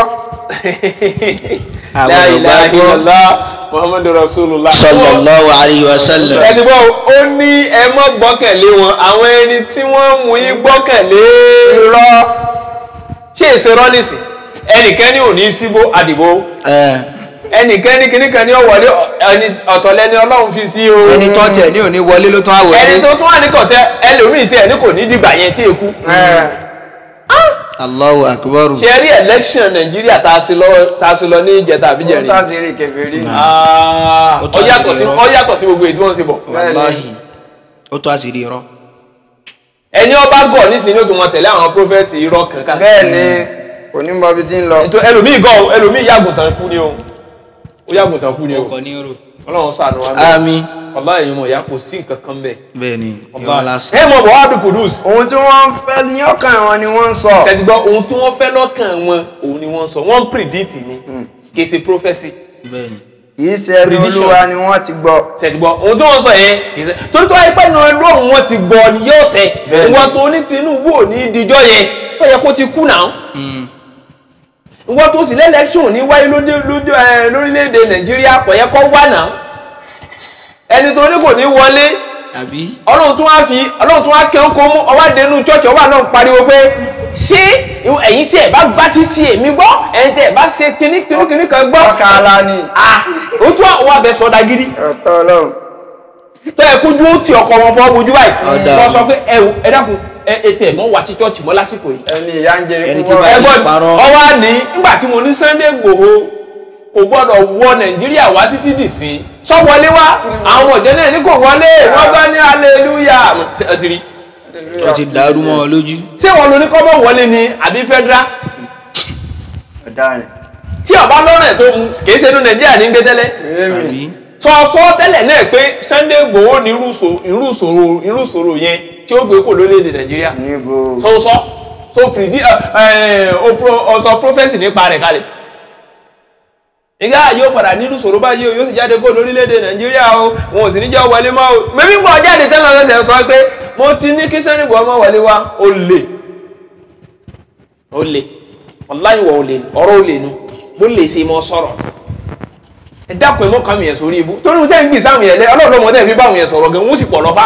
la ilaha illallah muhammadu rasulullah. sallallahu alayhi wa sallam. ẹni bọ́ ó ní ẹ má gbọ́kẹ̀lé wọn àwọn ẹni tí wọ́n mú yín gbọ́kẹ̀lé. irọ́. ṣé èso rọ́lìsì ẹnìkan ní òní síbó àdìbò ẹnìkẹ́ni kìíní kan ní ọ̀wọ́lé ọ̀tọ̀lẹ́ni ọlọ́run fi sí o. ẹni tó tẹ̀ ní òní wọlé ló tún àwòrán. ẹni tó tún wà ní kọ̀tẹ́ ẹlòmíì tẹ̀ ní kò ní dìgbà yẹn tí èkú. Allahu akbar. ṣe rí election Nàìjíríà tá a sì lọ ní ìjẹta àbí ó tàṣírí kẹfìrí. Ah, ó yàtọ̀ sí gbogbo èdè ṣe bọ̀. wàláhì ó tó irọ́. ẹni ọba gọ̀ nísìnyí onímọ̀ bíi ti ń lọ. ẹlòmíì gọ̀ ẹlòmíì yàgùntàn kú ni o ó yàgùntàn kú ni o ọlọ́run sànù wa bẹ́ẹ̀ àmín ọlá èyí mọ̀ ìyá kò sí nǹkan kan bẹ́ẹ̀. bẹ́ẹ̀ni ìwọ lásán. ẹ mọ bọ wàá dùkú dùs. ohun tí wọ́n fẹ́ ní ọkàn wọn ni wọ́n ń sọ. ṣètìgbọ́ ohun tí wọ́n fẹ́ lọ́kàn wọn òun ni wọ́n sọ wọ́n ń predict ni hmm. kì í ṣe prophecy. bẹ́ẹ̀ni yìí ṣe ẹni olúwa ni wọ́n ti gbọ́. ṣètìgbọ́ ohun tí wọ́n sọ yẹn kì í ṣe torí tó wáyé pẹ́ nu ẹlú ọ̀hún wọ́n ti gbọ́ ni yóò ṣe ìwọ́n tó ní Tinubu ò ní ìdíjọ́ yẹn ó yẹ kó ti kú náà. Hmm ìwọ tó sì lẹ́lẹ́kṣọ̀n ní wáyé lórílẹ̀‐èdè nàìjíríà kò yẹ kó wà náà ẹni tó ní kò ní wọlé ọlọ́run tún wá fi ọlọ́run tún wá kẹ́ ń kó mú ọwá dẹnu chọ́ọ̀chì ọwá náà ń pariwo pé ṣé ẹ̀yin tí ẹ̀ bá gbá títí èmi gbọ́ ẹ̀yin tí ẹ̀ bá ṣe kíní kíní kíní kan gbọ́. ọkà ala ni. ó tún àwọn abẹ sọdá gidi. ọ̀tọ̀ ọlọ́run. tọ́ ẹ kójú ó ti ọkọ̀ wọn fọ́ bójú báyìí. ọ̀dà lọ sọ pé ẹ dákun ete mọ́ wá ti chọ́ọ̀chì mọ́ lásìkò yìí. eni ya ń jẹ ikú mọ́ra ẹgbọ́n ni á mo ní Sunday Igboho kò gbọ́dọ̀ wọ Nàìjíríà wa títí dì sí sọ wọlé wá àwọn ọ̀jẹ́ náà ní kò wọlé wọ́n bá ní hallelujah ti rí. ti dàrú wọn lo wọlé ni abi federal. tí tó tí ó gbé kò lórílẹ̀‐èdè nàìjíríà so sọ so predi ọsọ eh, eh, prophesy nípa rẹ̀ kalẹ̀ ìgá yóò padà nínú sòrò báyìí yóò sì jáde kó lórílẹ̀‐èdè nàìjíríà o wọn ò sì ní jẹ́ wọlé mọ́ o mẹ́bí gbọ́ jáde tẹ́lẹ̀ lọ́sẹ̀ sọ pé mo ti ní kí sẹ́nìgbọ́ ọmọ wọlé wa ó lè ó lè ọláyìnwọ̀ ó lè ọ̀rọ̀ ó lè nu mo lè ṣe mọ́ sọ̀rọ̀ ẹ dákun ẹ mọ́ kàmìyàn sórí ibú torí mo tẹ́ ń gbì sáwọn yẹn lẹ́ ọlọ́run lọ́mọ tẹ́ fi báwọn yẹn sọ̀rọ̀ gan wọ́n sì pọ̀ lọ́fà.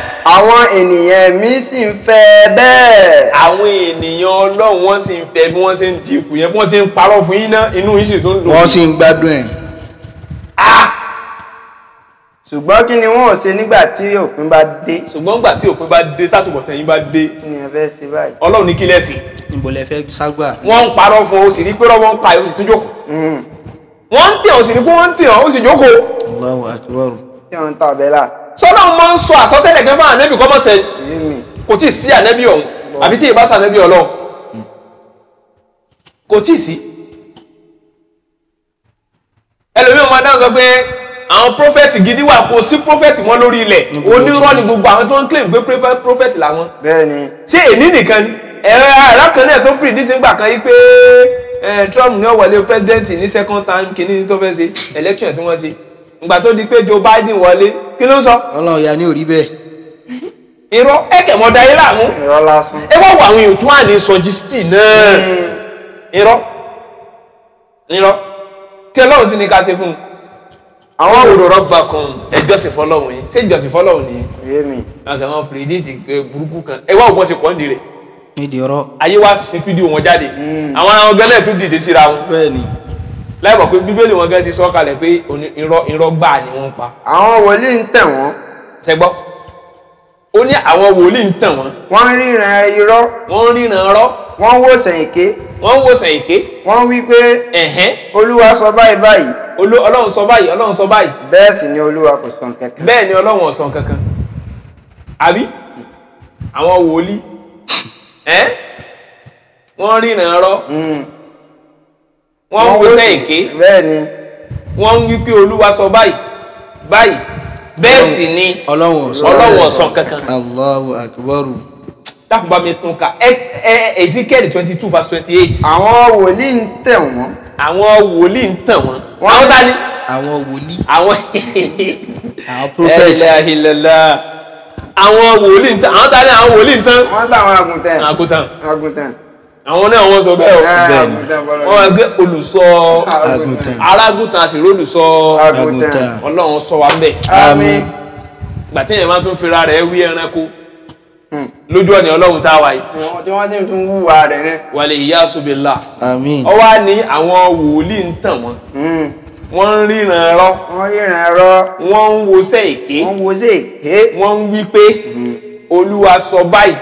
àwọn ènìyàn mi sì ń fẹ́ bẹ́ẹ̀. àwọn ènìyàn ọlọ́run wọ́n sì ń fẹ́ bí wọ́n ṣe ń dínkù yẹn bí wọ́n ṣe ń parọ́ fún yín náà inú yín sì tó ń dùn. wọ́n sì ń gbádùn ẹ̀. ṣùgbọ́n kí ni wọ́n ò ṣe nígbà tí òpin bá dé. ṣùgbọ́n nígbà tí òpin bá dé tátùbọ̀tán yín bá dé. ni ẹ fẹ́ ṣe báyìí. ọlọ́run ní kí lẹ́sìn. níbo lẹ fẹ́ ságbà. wọ́n ń parọ́ fún o sì rí pé rọ́ wọ́n ń pa ẹ̀ o sì tún jókòó. Mm-hmm. wọ́n ń tì ọ́ sì rí pé wọ́n ń tì ọ́ o sì jókòó. Allahu akbar. tí wọ́n ń ta ọ̀bẹ láà sọ́nà mọ́ ń sọ àsọtẹ́lẹ̀ kan fún ànẹ́bì kọ́ mọ́sẹ̀ kò tí ì sí ànẹ́bì ọ̀hún àfi tí ìbá sànẹ́bì ọlọ́run mm. kò tí ì sí. ẹlòmíràn máa dáhùn sọ pé àwọn prọfẹ̀tì gidi wà kò sí prọfẹ̀tì wọn lórí ilẹ̀ onírọ́ ni gbogbo àwọn tó ń claim pé prọfẹ̀tì làwọn. bẹ́ẹ̀ni. ṣé èní nìkan ni ẹ̀rọ ara kan náà tó predict gbà kan yí pé eh, Trump ní ó wọlé president ní second time kìíní tó fẹ́ ṣe election tí wọ́n ṣe ìgbà tó di pé Joe Biden wọlé kí ló sọ. Ọlọ́run ya ni ò rí bẹ́ẹ̀. irọ́ ẹ̀kẹ́ mọ́ da yín láàmú. irọ́ lásán. ẹ wá wo àwọn èèyàn tó wà ní sọjísítì náà. Hmm. irọ́ irọ́ kí Ọlọ́run sì ní ká ṣe fún un. àwọn hmm. òróró bá kan ẹ jọ́sìn fọ́lọ́run yìí ṣé ìjọ́sìn fọ́lọ́run nìyẹn. yé mi. àgàmọ́ pírẹ́dìtì burúkú kan ẹ wá ògbọ́n ṣe pọ́ǹdì rẹ̀. nídìí ọ̀rọ̀. ayé wa sin fídíò wọn jáde. Hmm. àwọn ará wọn gan náà tún dìde síra wọn. bẹ́ẹ̀ ni láìpọ̀ pé bíbélì wọn gẹ́gẹ́ ti sọ kalẹ̀ pé irọ́ irọ́ ni wọ́n pa. àwọn wòlíì ń tẹ̀ wọ́n. ṣẹgbọ́ ó ní àwọn wòlíì ń tẹ̀ wọ́n. wọ́n ń ríran irọ́. wọ́n ń ríran irọ́. wọ́n ń wòsàn èké. wọ́n ń wòsàn èké. wọ́n wí pé olúwa sọ báyìí báyìí. ọlọ́run sọ báyìí ọlọ́run sọ báyìí. bẹ́ẹ̀ sì ni olúwa kò sọ kankan. bẹ́ẹ̀ ni ọlọ́run sọ kankan. àbí àwọn wòlíì wọ́n ríran irọ́. Hmm. wọ́n ń wọṣẹ́ èké bẹ́ẹ̀ ni wọ́n ń wí pé olúwa sọ báyìí báyìí bẹ́ẹ̀ sì ni ọlọ́wọ̀n ọ̀sán kankan. Allahu akbaru dákùnbá mi tún ka ezekiel twenty two verse twenty eight. àwọn wòlíì ń tẹ̀ wọ́n. àwọn wòlíì ń tẹ̀ wọ́n. àwọn ta ni. àwọn wòlíì. àwọn àwọn prophet. ẹlẹ́ ìlẹ́lá àwọn wòlíì ń tẹ̀ àwọn ta àwọn wòlíì ń tẹ̀. wọ́n bá àwọn àgùntàn. àgùntàn. àgùntàn àwọn náà wọ́n sọ bẹ́ẹ̀ ọ̀gbẹ́ni ah, wọ́n ẹgbẹ́ olùsọ arágùntàn àṣírí olùsọ ọlọ́run sọ wa bẹ́ẹ̀. àmín. gbà tí èèyàn máa tún fira rẹ̀ wí ẹranko hmm. lójú ọ̀nà ọlọ́run tá a wà yìí. tí wọ́n ti tún wúwa rẹ̀ rẹ̀. wàlẹ̀ ìyá subila. àmín. ọ wá ní àwọn wòlíì ń tàn wọ́n. Hmm. wọ́n ń ríran ẹ̀rọ. wọ́n ríran ẹ̀rọ. wọ́n ń wosẹ́ èké. wọ́n ń wosẹ́ èké. wọ́n ń wí pé hmm. olúwa sọ báyìí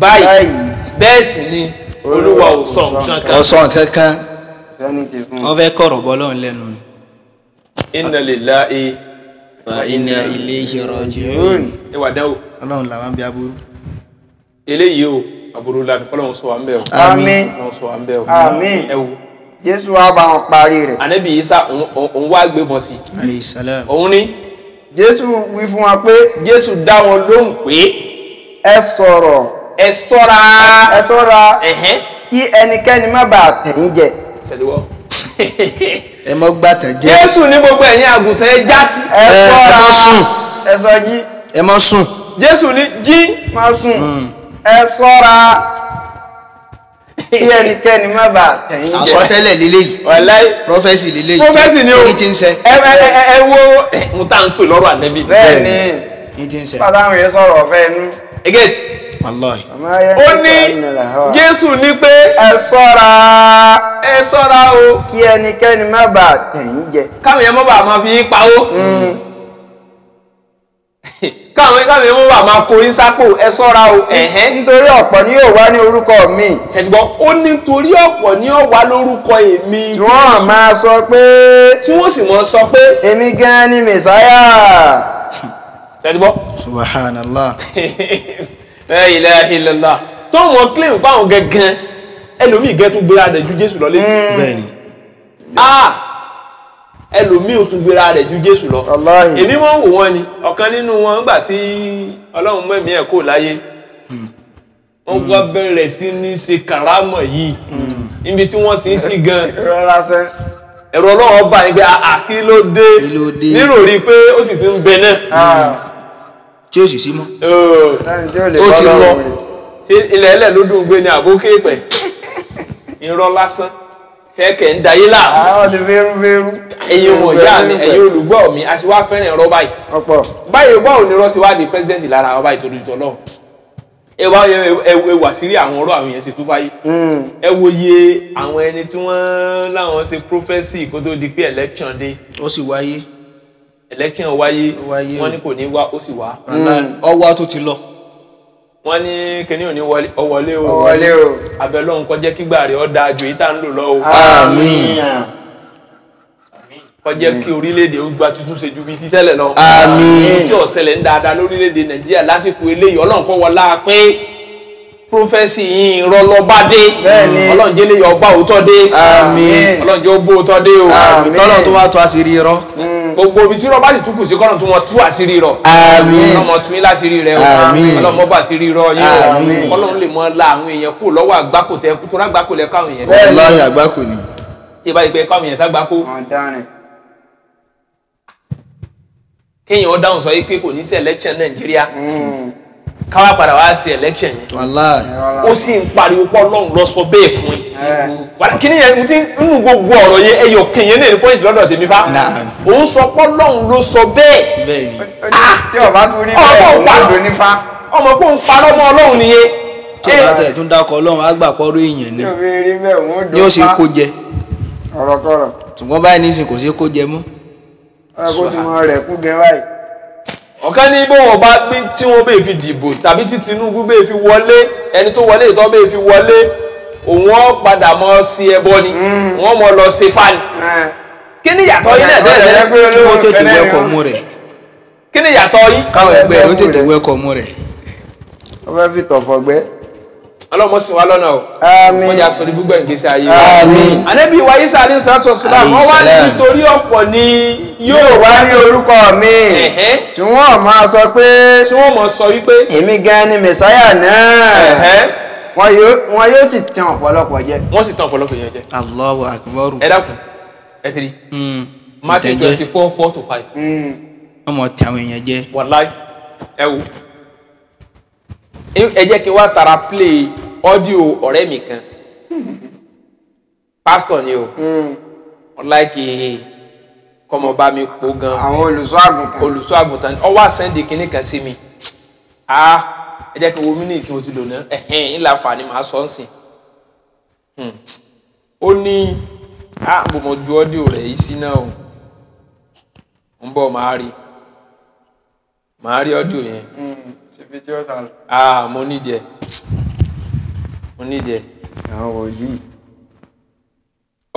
báyìí bẹ́ẹ̀ sì ni olúwa ò sọ nǹkan kan. ọ̀sọ̀ nǹkan kan. wọ́n fẹ́ kọ̀rọ̀ bọ́ lọ́run lẹ́nu. inna lillahi wa inna ilayhi raji'un. ẹ wà dáwò. ọlọ́run làwọn bí aburú. eléyìí o aburú la ọlọ́run sọ wa ń bẹ̀ o. àmín ọlọ́run sọ wa ń bẹ̀ o. àmín ẹ jésù wa bá wọn parí rẹ̀. ànábì isa òun wá gbé sí. alayhi òun ni. jésù wí fún wa pé. jésù dá wọn lóhùn pé. ẹ sọ̀rọ̀ ẹ sọ́ra. ẹ sọ́ra kí ẹnikẹ́ni má bàa tàn yín jẹ. sẹ́díwọ́. ẹ mọ́ gbàtàn jẹ. jésù ní gbogbo ẹ̀yin àgùntàn ẹ já sí. ẹ sọ́ra jí. ẹ mọ́ sùn. jésù ní jí má sùn hmm. ẹ kí ẹnikẹ́ni má bà tẹ̀yìn jẹ́. àsọtẹ́lẹ̀ lélẹ́yìí wàláì prọfẹ́sì lélẹ́yìí prọfẹ́sì ni o èyí tí ń ṣe. ẹ ẹ ẹ ẹ wo mo tá à ń pè lọ́rọ̀ ànẹ́bí. bẹ́ẹ̀ ni bàtà àwọn yẹn sọ̀rọ̀ ọ̀fẹ́ inú. egeti ó ní jésù ní pé ẹ ṣọ́ra ẹ ṣọ́ra o kí ẹnikẹ́ni má bàa tẹ̀yìn jẹ káwọn yẹn má bàa máa fi yín pawó mm. káwọn káwọn yẹn má bàa máa kó yín sápò ẹ ṣọ́ra o. nítorí ọ̀pọ̀ ni yóò wá ní orúkọ mi. ṣẹ̀dùgbọ́n ó nítorí ọ̀pọ̀ ni yóò wá lórúkọ èmi. tí wọ́n máa sọ pé. tí wọ́n sì máa sọ pé. èmi gan-an ni mẹ̀sáyà. ṣẹ̀dùgbọ́n. subhanallah. la ilaha illallah tó wọn claim báwọn gẹ́gẹ́ ẹlòmíì gẹ́ tún gbéra rẹ̀ ju jésù lọ lé mm. bẹ́ẹ̀ni ah! ẹlòmíì ò tún gbéra rẹ̀ ju jésù lọ èmi wọ́n wò wọ́n ni ọ̀kan nínú wọn nígbà tí ọlọ́run mẹ́mí ẹ̀ kò láyé hmm. wọ́n wá bẹ̀rẹ̀ sí ní ṣe kàrámọ̀ yìí hmm. níbi tí wọ́n sì ń sí gan ẹ̀rọ ọlọ́run ọba yìí pé àkí ah, ah, ló dé nírò rí i pé ó sì ti ń bẹ náà tí ó sì sí mọ́. ó ti lọ. ilẹ̀ ẹlẹ̀ ló dùn gbé ni àbókè pẹ̀ irọ́ lásán kẹ̀kẹ́ ń dayé láàmú. àwọn ah, ti fẹ́rú fẹ́rú. ẹ̀yin ọmọ ìyá mi ẹ̀yin olùgbọ́ mi a sì wá fẹ́ràn ẹ̀rọ báyìí. ọ̀pọ̀. báyìí báwo ni rọ́ọ̀sì wá di pẹ́sidẹ́ǹtì lára àwọn báyìí torí ìtọ́ náà. ẹ wá ẹ wà sí rí àwọn ọ̀rọ̀ àwọn èèyàn ṣe tó fáyé. Hmm. ẹ wo iye àwọn ẹni tí wọ́n láwọn ṣe prophecy kó tó di pé election day. ó sì wáyé election wáyé wọ́n ní kò ní wá ó sì wá. ọwọ́ hmm, tó ti lọ. wọ́n ní kíní ò ní ọwọ́lé o ọwọ́lé o abẹ́lọ́hún kọjẹ́ kígbà rẹ̀ ọ́ da ju èyí tá à ń lò lọ o. àmín. kọjẹ́ kí orílẹ̀-èdè ó gba tuntun ṣe ju bíi ti tẹ́lẹ̀ lọ. àmín. tí ó ṣẹlẹ̀ ń dáadáa lórílẹ̀-èdè nàìjíríà lásìkò eléyìí ọlọ́run kọ́ wọlá pé prọfẹsì yìí rọ lọba dé Ọlọ́run lè yọ ọgbà òótọ́ dé Ọlọ́run ó bó òótọ́ dé o tọlọ́run tó wá tó a sì rí irọ́. Hmm gbogbo ibi tí rọ bá sì túkù sí kọ́nà tí wọ́n tú àṣírí rọ àmín ọmọ tún yín láṣírí rẹ o àmín bá àṣírí rọ yín o ọlọ́run lè mọ la àwọn èèyàn kú lọ́wọ́ àgbákò tẹ kúrò àgbákò lẹ káwọn èèyàn sí. bẹ́ẹ̀ lọ́yìn àgbákò ni. tí ìbá yìí pé káwọn èèyàn ságbákò. kéèyàn dáhùn sọ yìí pé kò ní selection Nàìjíríà. Hmm káwá padà wá sí election yẹn ó sì ń pariwo pọ́ lọ́run lọ sọ bẹ́ẹ̀ fún yín eh. wàlá kí ni yẹn mo ti nínú gbogbo ọ̀rọ̀ yẹn ẹyọ kìnyẹn náà ní point lọ́dọ̀ tèmi fa òun sọ pọ́ lọ́run ló sọ bẹ́ẹ̀ ah! ọmọ pa ọmọ pé òun parọ́ mọ́ ọlọ́run nìyẹn tó bá eh. tẹ̀ tó dákọ̀ ọlọ́run á gbà pọ́rọ́ èèyàn ni ni ó ṣe kó jẹ ọ̀rọ̀kọ̀rọ̀ ṣùgbọ́n báyìí nísìnyí kò ṣe kó jẹ mọ́. ẹ kó tí wọn rẹ̀ kú gẹ báyìí ọ̀kan ní bó wọn bá gbé tí wọn bẹ́ẹ̀ fi dìbò tàbí tí Tinubu bẹ́ẹ̀ fi wọlé ẹni tó wọlé ìtọ́ bẹ́ẹ̀ fi wọlé òun ọ padà mọ sí ẹbọ ni mm. wọn mọ lọ sí fani eh. kí ni yàtọ̀ yín náà tẹ́lẹ̀ kí wọ́n tètè wẹ́kọ̀ mú rẹ̀ kí ni yàtọ̀ yín káwọn ẹgbẹ́ ẹ̀ ló tètè wẹ́kọ̀ mú rẹ̀. wọ́n fẹ́ fi tọ̀fọ̀ gbẹ́ ọlọ́mọ sì wá lọ́nà o. àmín wọ́n yà gbogbo ìgbésí ayé wa. àmín ànábì wa isa alayhi salatu wa salam wọ́n wá ní nítorí ọ̀pọ̀ ni yóò wá ní orúkọ mi tí wọ́n máa sọ pé tí wọ́n máa sọ wípé èmi gan ni mẹ̀sáyà náà wọn yóò sì tan ọ̀pọ̀lọpọ̀ jẹ. wọ́n sì tan ọ̀pọ̀lọpọ̀ jẹ. Allahu akbar. ẹ dákun ẹ tiri. Hmm. Matthew twenty four four to five. Hmm. wọ́n mọ̀ tí àwọn èèyàn jẹ. wàláì ẹ wo ẹ jẹ́ kí n wá tara play audio ọ̀rẹ́ mi kan pásítọ̀ ni o ọ̀láìkì hmm. kọ́mọ bá mi po gan àwọn olùṣọ́ àgùntàn olùṣọ́ àgùntàn ó wá sẹ́ndì kínní kan sí mi ah ẹ jẹ́ kí n wo mínítì tí mo ti lò náà ẹ̀hìn ńlá fà ni màá sọ ń sìn hmm. ó ní ah bó mo ju ọ́díò rẹ̀ yìí sí náà o ń bọ̀ màá rí màá rí ọ́díò yẹn. Hmm ah mo ní díẹ̀ mo ní díẹ̀. àwọn yìí.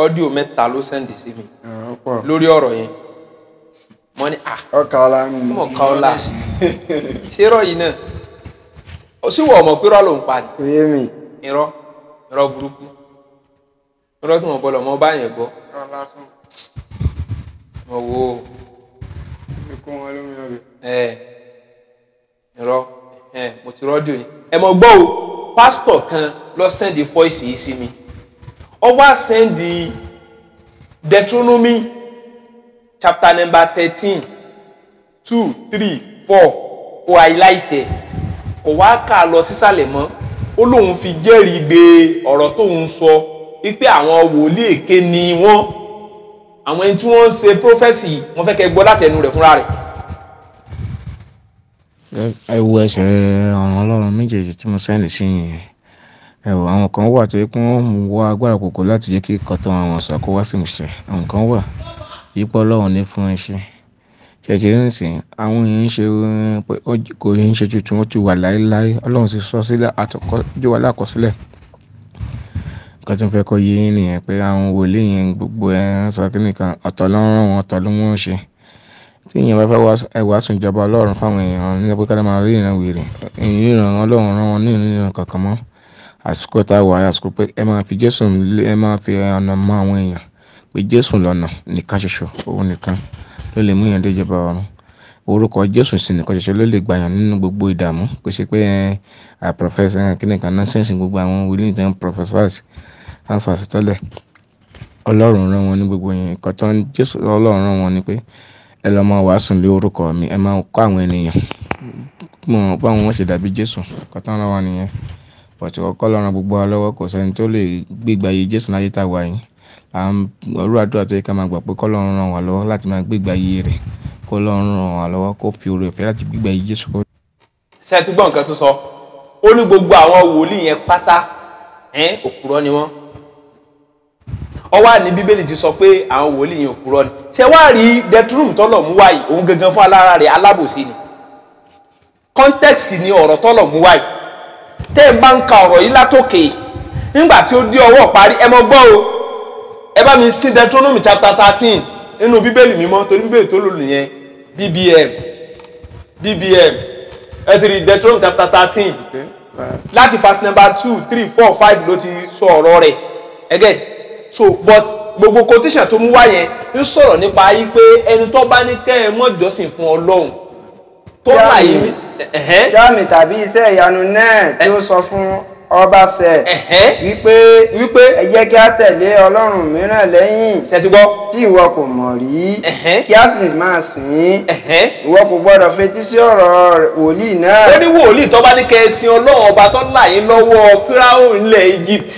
ọ́díò mẹ́ta ló sẹ́ndì sí mi. lórí ọ̀rọ̀ yẹn mo ní ah. ọkà ọlá ń mú ọkà ọlá ṣé rọ yìí náà sí wọ ọmọ pé rọ ló ń pa ni. oyè mi. irọ́ irọ́ burúkú irọ́ tí mo bọ̀ lọ mo bá yẹn gbọ́. mo wo. mi kó ẹ irọ́ ẹ mo ti rọ́díò yìí ẹ mọ̀ gbọ́ o pásítọ̀ kan lọ sẹ́ndì fọ́ìsì yìí sí mi ọ wá sẹ́ndì Deuteronomy chapter number thirteen two three four ó highlight ẹ̀ kò wá kà lọ sísàlẹ̀ mọ́ ó lóun fi jẹ́rìí gbé ọ̀rọ̀ tóun sọ wípé àwọn wòlíì èké ni wọ́n àwọn ẹni tí wọ́n ń ṣe prophesy wọ́n fẹ́ kẹ́ gbọ́ látẹnu rẹ̀ fúnra rẹ̀. Ẹ wo ẹsẹ̀ ọ̀ràn Ọlọ́run méjèèjì tí mo send sí yin yẹn. Ẹ wo àwọn kan wà tó jẹ́ pé wọ́n ń wa agbára òkòkò láti jẹ́ kí nǹkan tó àwọn sọ kó wá sí ìmúṣẹ. Àwọn kan wà wípé Ọlọ́run ní fún wọn ṣe. Ṣẹ̀ ti rí nísìnyí, àwọn èèyàn ń ṣe kò ń ṣe tuntun, ó ti wà láéláé. Ọlọ́run ti sọ sílẹ̀ àtọ̀ọ́jọ́ wa lákọ̀sílẹ̀. Ǹkan tí mo fẹ́ kó yé yín nìyẹn pé àwọn wòlíì yẹn gbogbo ẹ sọ kíni kan, ọ̀tọ̀ ló ń ló mú ṣe tí èèyàn bá fẹ́ wàásùn ìjọba ọlọ́run fáwọn èèyàn nígbà pé káàdà máa rí ìran wèrè ìran ọlọ́run rán wọn ní ìran kankan mọ́ àsìkò tá a wà àsìkò pé ẹ máa fi jésù ẹ máa fi ọ̀nà mọ àwọn èèyàn pé jésù lọ́nà nìkan ṣoṣo òun nìkan ló lè mú èèyàn dé ìjọba ọ̀run orúkọ jésù sì nìkan ṣoṣo ló lè gbàyàn nínú gbogbo ìdààmú kò ṣe pé ẹ prọfẹsẹ kíníkan nọ́sẹ̀nsì gbogbo àwọn wòlíì tẹ́ ń tẹ́lẹ̀ ọlọ́run rán wọn ní gbogbo yẹn nǹkan jésù ọlọ́run rán wọn ni pé ẹ lọ máa wàásù lé orúkọ mi ẹ máa kọ́ àwọn ènìyàn mọ̀ báwọn wọ́n ṣe dàbí Jésù kọ́tán lọ́wọ́ nìyẹn bọ̀tí kọ́kọ́ lọ́rùn gbogbo wa lọ́wọ́ kò sẹ́ni tó lè gbégbá ayé Jésù láyé tá a wà yìí à ń ọ̀rú àdúrà tó yẹ ká máa gbà pé kọ́lọ́run ràn wá lọ́wọ́ láti máa gbégbá ayé rẹ̀ kọ́lọ́run ràn wá lọ́wọ́ kó fi oore ọ̀fẹ́ láti gbégbá ayé Jésù. ṣé ẹ ti gbọ́ nǹkan tó sọ ó ní gbogbo àwọn wòlíì yẹn pátá òpùrọ́ ni wọ́n ọwọ́ àní bíbélì ti sọ pé àwọn wòlíì yẹn òkúrọ́ ni ṣé wàá rí detroom tọ́lọ̀ mú wáyé òun gangan fún alára rẹ̀ alábòsí ni context ni ọ̀rọ̀ tọ́lọ̀ mú wáyé tẹ́ ẹ bá ń ka ọ̀rọ̀ yìí látòkè nígbà tí ó dé ọwọ́ parí ẹ mọ gbọ́ o ẹ bá mi sí detroom chapter thirteen nínú bíbélì mímọ́ torí bíbélì tó lò nìyẹn bbm bbm ẹ ti rí detroom chapter thirteen láti verse number two three four five ló ti sọ ọ̀rọ̀ rẹ̀ ẹ get so but gbogbo quotation tó mú wá yẹn ń sọ̀rọ̀ nípa yí pé ẹni tó bá ní tẹ́ ẹ mọ́jọ́sìn fún ọlọ́run tó láyé tí àmì tàbí iṣẹ́ ìyanu náà tí ó sọ fún ọba sẹ wípé wípé ẹ jẹ́ kí a tẹ̀lé ọlọ́run mìíràn lẹ́yìn ṣètìgbọ́ tí ìwọ kò mọ̀ rí kí a sì máa sìn ín ìwọ kò gbọ́dọ̀ fetí sí ọ̀rọ̀ wòlíì náà. ó ní wòlíì tó bá ní kẹ́ ẹ sin ọlọ́run ọba tó là lọ́wọ́ fíráhùn ilẹ̀ Egypt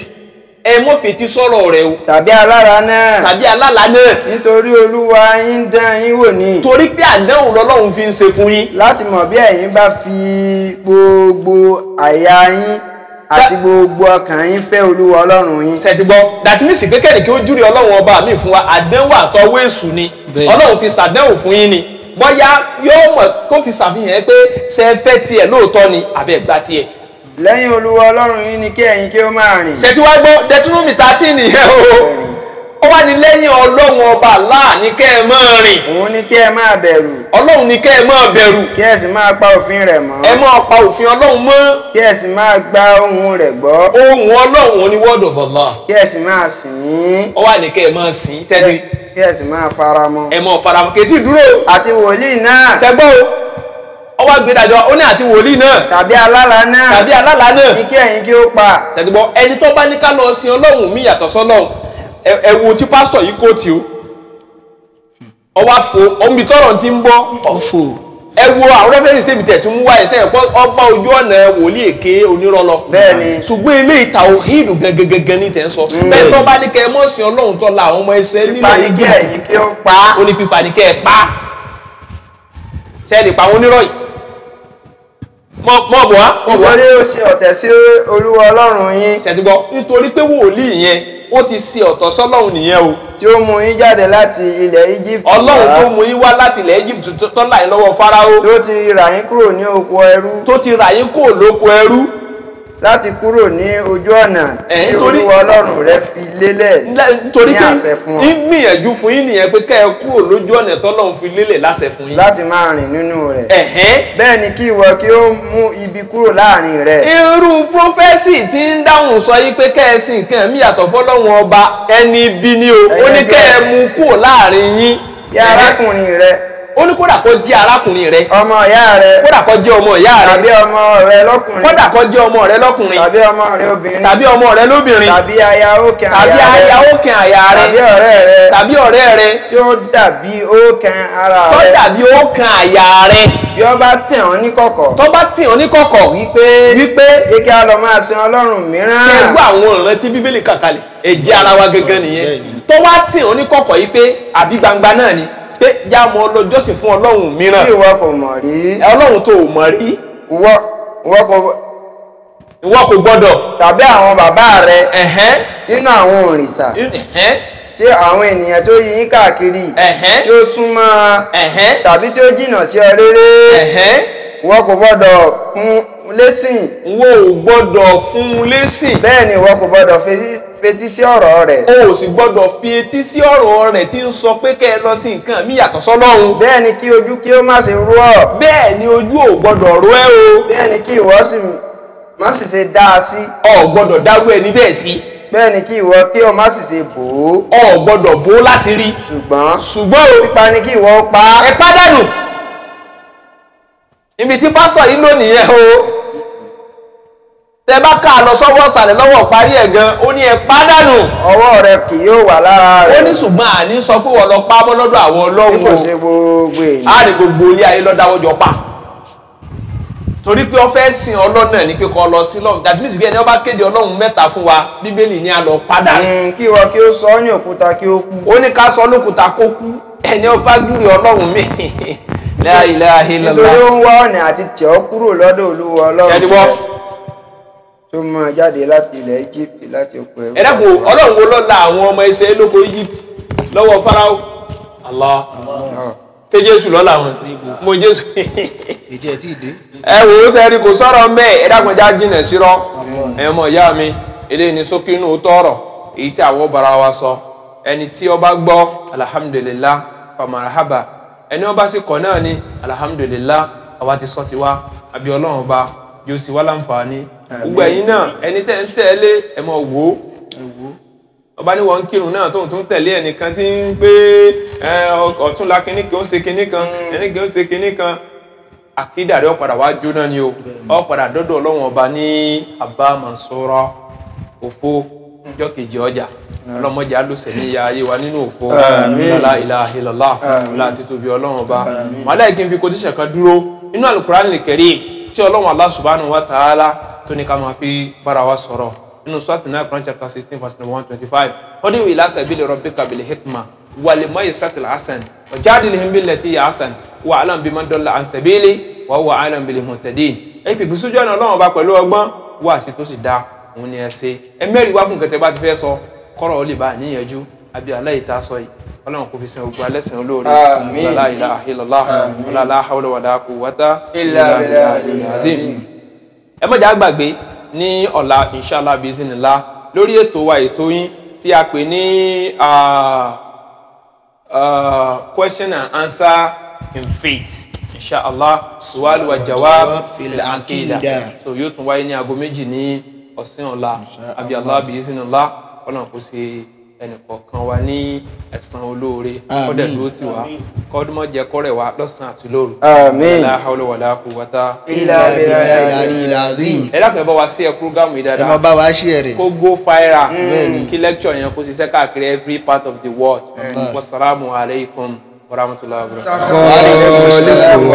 ẹ mọ́ fètí sọ̀rọ̀ rẹ o. tàbí alára náà. tàbí alára náà. nítorí olúwa yín dán yín wò ni. torí pé àdánwò lọ́lọ́run fi ń ṣe fún yín. láti mọ̀ bí ẹ̀yin bá fi gbogbo àyà yín àti gbogbo ọkàn yín fẹ́ olúwa ọlọ́run yín. ṣe ti gbọ́ dàtímísì pé kẹ́nìkì ó júre ọlọ́run ọba mi fún wa àdánwò àtọwọ́ èṣù ni ọlọ́run fi ṣàdánwò fún yín ni bóyá yóò mọ̀ kó fi ṣàfihàn pé ṣe fẹ́ tiẹ̀ lóòótọ́ ni àbẹ̀gbà tiẹ̀ lẹ́yìn olúwa ọlọ́run yín ni kí ẹ̀yin kí ó máa rìn. ṣètì wá gbọ́ dẹtúrúmì tààtì nìyẹn o ó wá ní lẹ́yìn ọlọ́run ọba láà ní kẹ́ ẹ máa rìn. òun ní kẹ́ ẹ máa bẹ̀rù. ọlọ́run ní kẹ́ ẹ máa bẹ̀rù. kí ẹ sì máa pa òfin rẹ̀ mọ́. ẹ máa pa òfin ọlọ́run mọ́. kí ẹ sì máa gba ohun rẹ̀ gbọ́. ohun ọlọ́run ò word of Allah. kí ẹ sì máa sìn ín. ó wà ní kẹ́ ẹ máa sìn ín tẹ́lẹ̀. kí ẹ sì máa faramọ́. ẹ máa faramọ́ kì í dúró. àti wòlíì náà. ṣẹgbọ́n o ọwọ́ gbẹdájọ́ ó ní àti wòlíì náà. tàbí alála náà tàbí alála náà. ní kí ẹ̀yin kí ó pa. ṣètìgbọ́ ẹni tó bá ní ká lọ sin ọlọ́run mi yàtọ̀ sọ́lọ́run ẹ wo tí pásítọ̀ yìí kò tí o ọwọ́ àfo omi tọrọ ti ń bọ́. ọfọ. ẹ wo àwọn rẹfẹrẹsì tèmi tẹ tí ń wá ẹsẹ ẹ ọba ojú ọ̀nà wòlíì èké onírọ́lọ́. bẹ́ẹ̀ni. ṣùgbọ́n ilé ìta òhìrù gẹ́gẹ́gẹ́gẹ́ ní tẹ̀ ń sọ. Mm. bẹ́ẹ̀ tó bá ní kẹ́ ẹ mọ̀ sí ọlọ́run tọ́la àwọn ọmọ ẹsẹ̀ nílò ìgbà ó ní pípa ní kẹ́ ẹ pa. sẹ́ẹ̀lì pa àwọn mọ bọ̀ wá. nítorí ó ṣe ọ̀tẹ̀ sí olúwa ọlọ́run yín. ṣètìgbọ́ nítorí pé wòlíì yẹn ó ti ṣe ọ̀tọ̀ sọ́lọ́run nìyẹn o. tí ó mú yín jáde láti ilẹ̀ Egypt. ọlọ́run tó mú yín wá láti ilẹ̀ Egypt tó là yín lọ́wọ́ Fáráò. tó ti rà yín kúrò ní oko ẹrú. tó ti rà yín kúrò lóko ẹrú láti kúrò ní ojú ọ̀nà tí olúwa ọlọ́run rẹ fi lélẹ̀ ní àṣẹ fún ọ. gbìyànjú fún yín nìyẹn pé kẹ́ ẹ kúrò lójú ọ̀nà tọ́lọ́run fi lélẹ̀ láṣẹ fún yín. láti máa rìn nínú rẹ̀. bẹ́ẹ̀ ni kí ìwọ kí ó mú ibi kúrò láàrin rẹ̀. irú prọfẹ́sì tí ń dáhùn sọ yí pé kẹ́ ẹ sìn nǹkan mí yàtọ̀ fọlọ́run ọba ẹni ibi ni o ó ní kẹ́ ẹ mú kúrò láàrin yín. bí arákùnrin rẹ ó ní kódà kó jẹ́ arákùnrin rẹ. ọmọ ìyá rẹ. kódà kó jẹ́ ọmọ ìyá rẹ. tàbí ọmọ rẹ lọ́kùnrin. kódà kó jẹ́ ọmọ rẹ lọ́kùnrin. tàbí ọmọ rẹ obìnrin. tàbí ọmọ rẹ lóbìnrin. tàbí aya òkè àyà rẹ. tàbí aya òkè àyà rẹ. tàbí ọ̀rẹ́ rẹ. tàbí ọ̀rẹ́ rẹ. tí ó dàbí òkè ara rẹ. tó dàbí òkè àyà rẹ. bí ó bá tẹ̀ ọ́ ní kọ̀kọ̀. tó bá tẹ̀ ọ́ ní kọ̀kọ̀. wípé wípé. yé kí a lọ máa sin ọlọ́run mìíràn. ṣé gbọ́ àwọn ìrántí bíbélì kàkàlẹ̀ èjì ara wa gangan nìyẹn tó wá tì ọ́ ní kọ̀kọ̀ yìí pé àbí gbangba náà ni pé já mọ lọ jọ́sìn fún ọlọ́run mìíràn. bí ìwọ kò mọ̀ rí. ọlọ́run tó o mọ̀ rí. ìwọ kò. ìwọ gbọ́dọ̀. tàbí àwọn bàbá rẹ. nínú àwọn òrìṣà tí àwọn ènìyàn tó yí káàkiri tí ó súnmọ́ tàbí tí ó jìnnà sí ọ rere wọ́n kò gbọ́dọ̀ fún lẹ́sìn. wọ́n ò gbọ́dọ̀ fún lẹ́sìn. bẹ́ẹ̀ ni wọ́n kò gbọ́dọ̀ fèsì fetí sí ọ̀rọ̀ rẹ̀. o ò sì gbọ́dọ̀ fi etí sí ọ̀rọ̀ rẹ̀ tí ń sọ pé kẹ́ ẹ lọ sí nǹkan mi yàtọ̀ sọ́lọ́run. bẹ́ẹ̀ ni kí ojú kí ó má ṣe rú ọ. bẹ́ẹ̀ ni ojú ò gbọ́dọ̀ rú ẹ o. bẹ́ẹ̀ ni kí ìwọ sì má sì ṣe dá a sí. ọ ò gbọ́dọ̀ dárú ẹni bẹ́ẹ̀ sí bẹ́ẹ̀ ni kí ìwọ kí o má sì ṣe bò ó. ọ gbọ́dọ̀ bò ó láṣìírí. ṣùgbọ́n ṣùgbọ́n o. pípa ni kí ìwọ tẹ bá ká lọ sọ́wọ́ sàlẹ̀ lọ́wọ́ parí ẹ̀ gan ó ní ẹ pádànù. ọwọ́ rẹ kì yóò wà lára rẹ. ó ní ṣùgbọ́n àní sọ pé wọ́n lọ pa mọ́ lọ́dọ̀ àwọn ọlọ́run o. kò ṣe gbogbo èyí. a ní gbogbo ilé ayé lọ́dáwọ́ jọ pa. torí pé ọ fẹ́ sin ọlọ́run náà ní pé kọ́ lọ sí lọ́run that means bí ẹni ọba kéde ọlọ́run mẹ́ta fún wa bíbélì ni a lọ pádànù. Hmm, kí wọ́n kí ó sọ ọ́ ní òkúta kí ó kú. ó ní ká sọ lókúta kó kú ẹni ọba la ilaha illallah tó máa jáde láti ilẹ̀ Egypt láti oko ẹrú. ẹ̀dàkùn ọlọ́run wo ló la àwọn ọmọ ẹsẹ̀ lóko Egypt lọ́wọ́ Fáráò Allah ṣé Jésù lọ́la wọn mo Jésù. èdè ẹ̀ tí ì dé. ẹ wò ó sẹ́ni kò sọ̀rọ̀ mẹ́ẹ̀ ẹ̀dàkùn já jìnà sírọ́ ẹ̀ mọ̀ ìyá mi eléyìí ni sókè inú tọ̀rọ̀ èyí tí àwọn bara wa sọ ẹni tí ó gbọ́ alhamdulillah famarahaba ẹni ó bá sì kọ̀ náà ni alhamdulillah àwa ti sọ tiwa àbí ọlọ́run ọba yóò sì wá láǹfààní gbogbo ẹ̀yin náà ẹni tẹ́ ń tẹ̀lé ẹ mọ̀ wò ó ọba ní wọn ń kírun náà tóun tún tẹ̀lé ẹnìkan tí ń gbé ọ̀túnla kínní kan ó ṣe kínní kan hmm. ẹni kan ó ṣe kínní kan àkídà rẹ ọ̀padà wá jóná ni o ọ̀padà dọ́dọ̀ ọlọ́wọ̀n ọba ní abá mansura òfo ọjọ́ kejì ọjà hmm. ọlọ́mọdé alóṣẹ̀ ní ìyá ayé wa nínú òfo la ilaha illallah láti tóbi ọlọ́wọ̀n ọba màálà ìkínfi kò tíṣẹ̀ kan dúró inú al Allah subhanahu wa ta'ala tó ní ká máa fi bára wa sọ̀rọ̀ nínú sọ́ọ̀tì náà Quran chapter sixteen verse number one twenty five ó ní ìlà sabili rabbika bil hikma wàlímọ̀ ìsàtìlá hasan wajadilhum billati hiya hasan wa alam biman dalla an sabili wa huwa alam bil muhtadin ẹ̀yìn pèpè sójú ọ̀nà ọlọ́run ọba pẹ̀lú ọgbọ́n wà sí tó sì dáa òun ni ẹ ṣe ẹ mẹ́rin wá fún kẹtẹ bá ti fẹ́ sọ kọ́rọ̀ ó lè bá níyànjú àbí aláì tá a sọ yìí ọlọ́run kò fi sin ogun alẹ́ sin olóore la ilaha illallah la hawla wala quwwata illa billahi al-azim ẹ má jà gbàgbé ní ọ̀la inṣàlá bizinilá lórí ètò wa ètò yín tí a pè ní question and answer in faith inṣàlá suwal wa jawab fil akida so yóò tún wáyé ní aago méjì ní ọ̀sìn ọ̀la àbí aláàbí ọ̀nà kò sí ẹnìkọ̀ọ̀kan wa ní ẹ̀san olóore kọ́dẹ̀ dúró tì wá kọ́dúnmọ́ jẹ kọ́rẹ̀ wa lọ́sàn-án àti lóru. àmín la hawla wala quwwata. ilà ilà ilà ilà rí. ẹ dákun ẹ bá wa sí ẹ púrógámù yìí dáadáa. ẹ máa bá wa ṣí rẹ. kó go fáírà mm. kí lẹ́kṣọ̀ yẹn kó ṣiṣẹ́ káàkiri every part of the world. Mm. wasalaamu alaykum wa rahmatulahi wa barakatuh.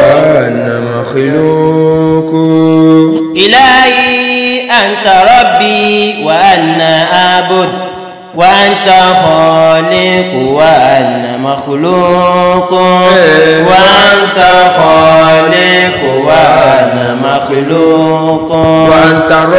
ilayi anta rabbi wa anna abud. إيه. وأنت خالق وأنا مخلوق وأنت خالق وأنا مخلوق وأنت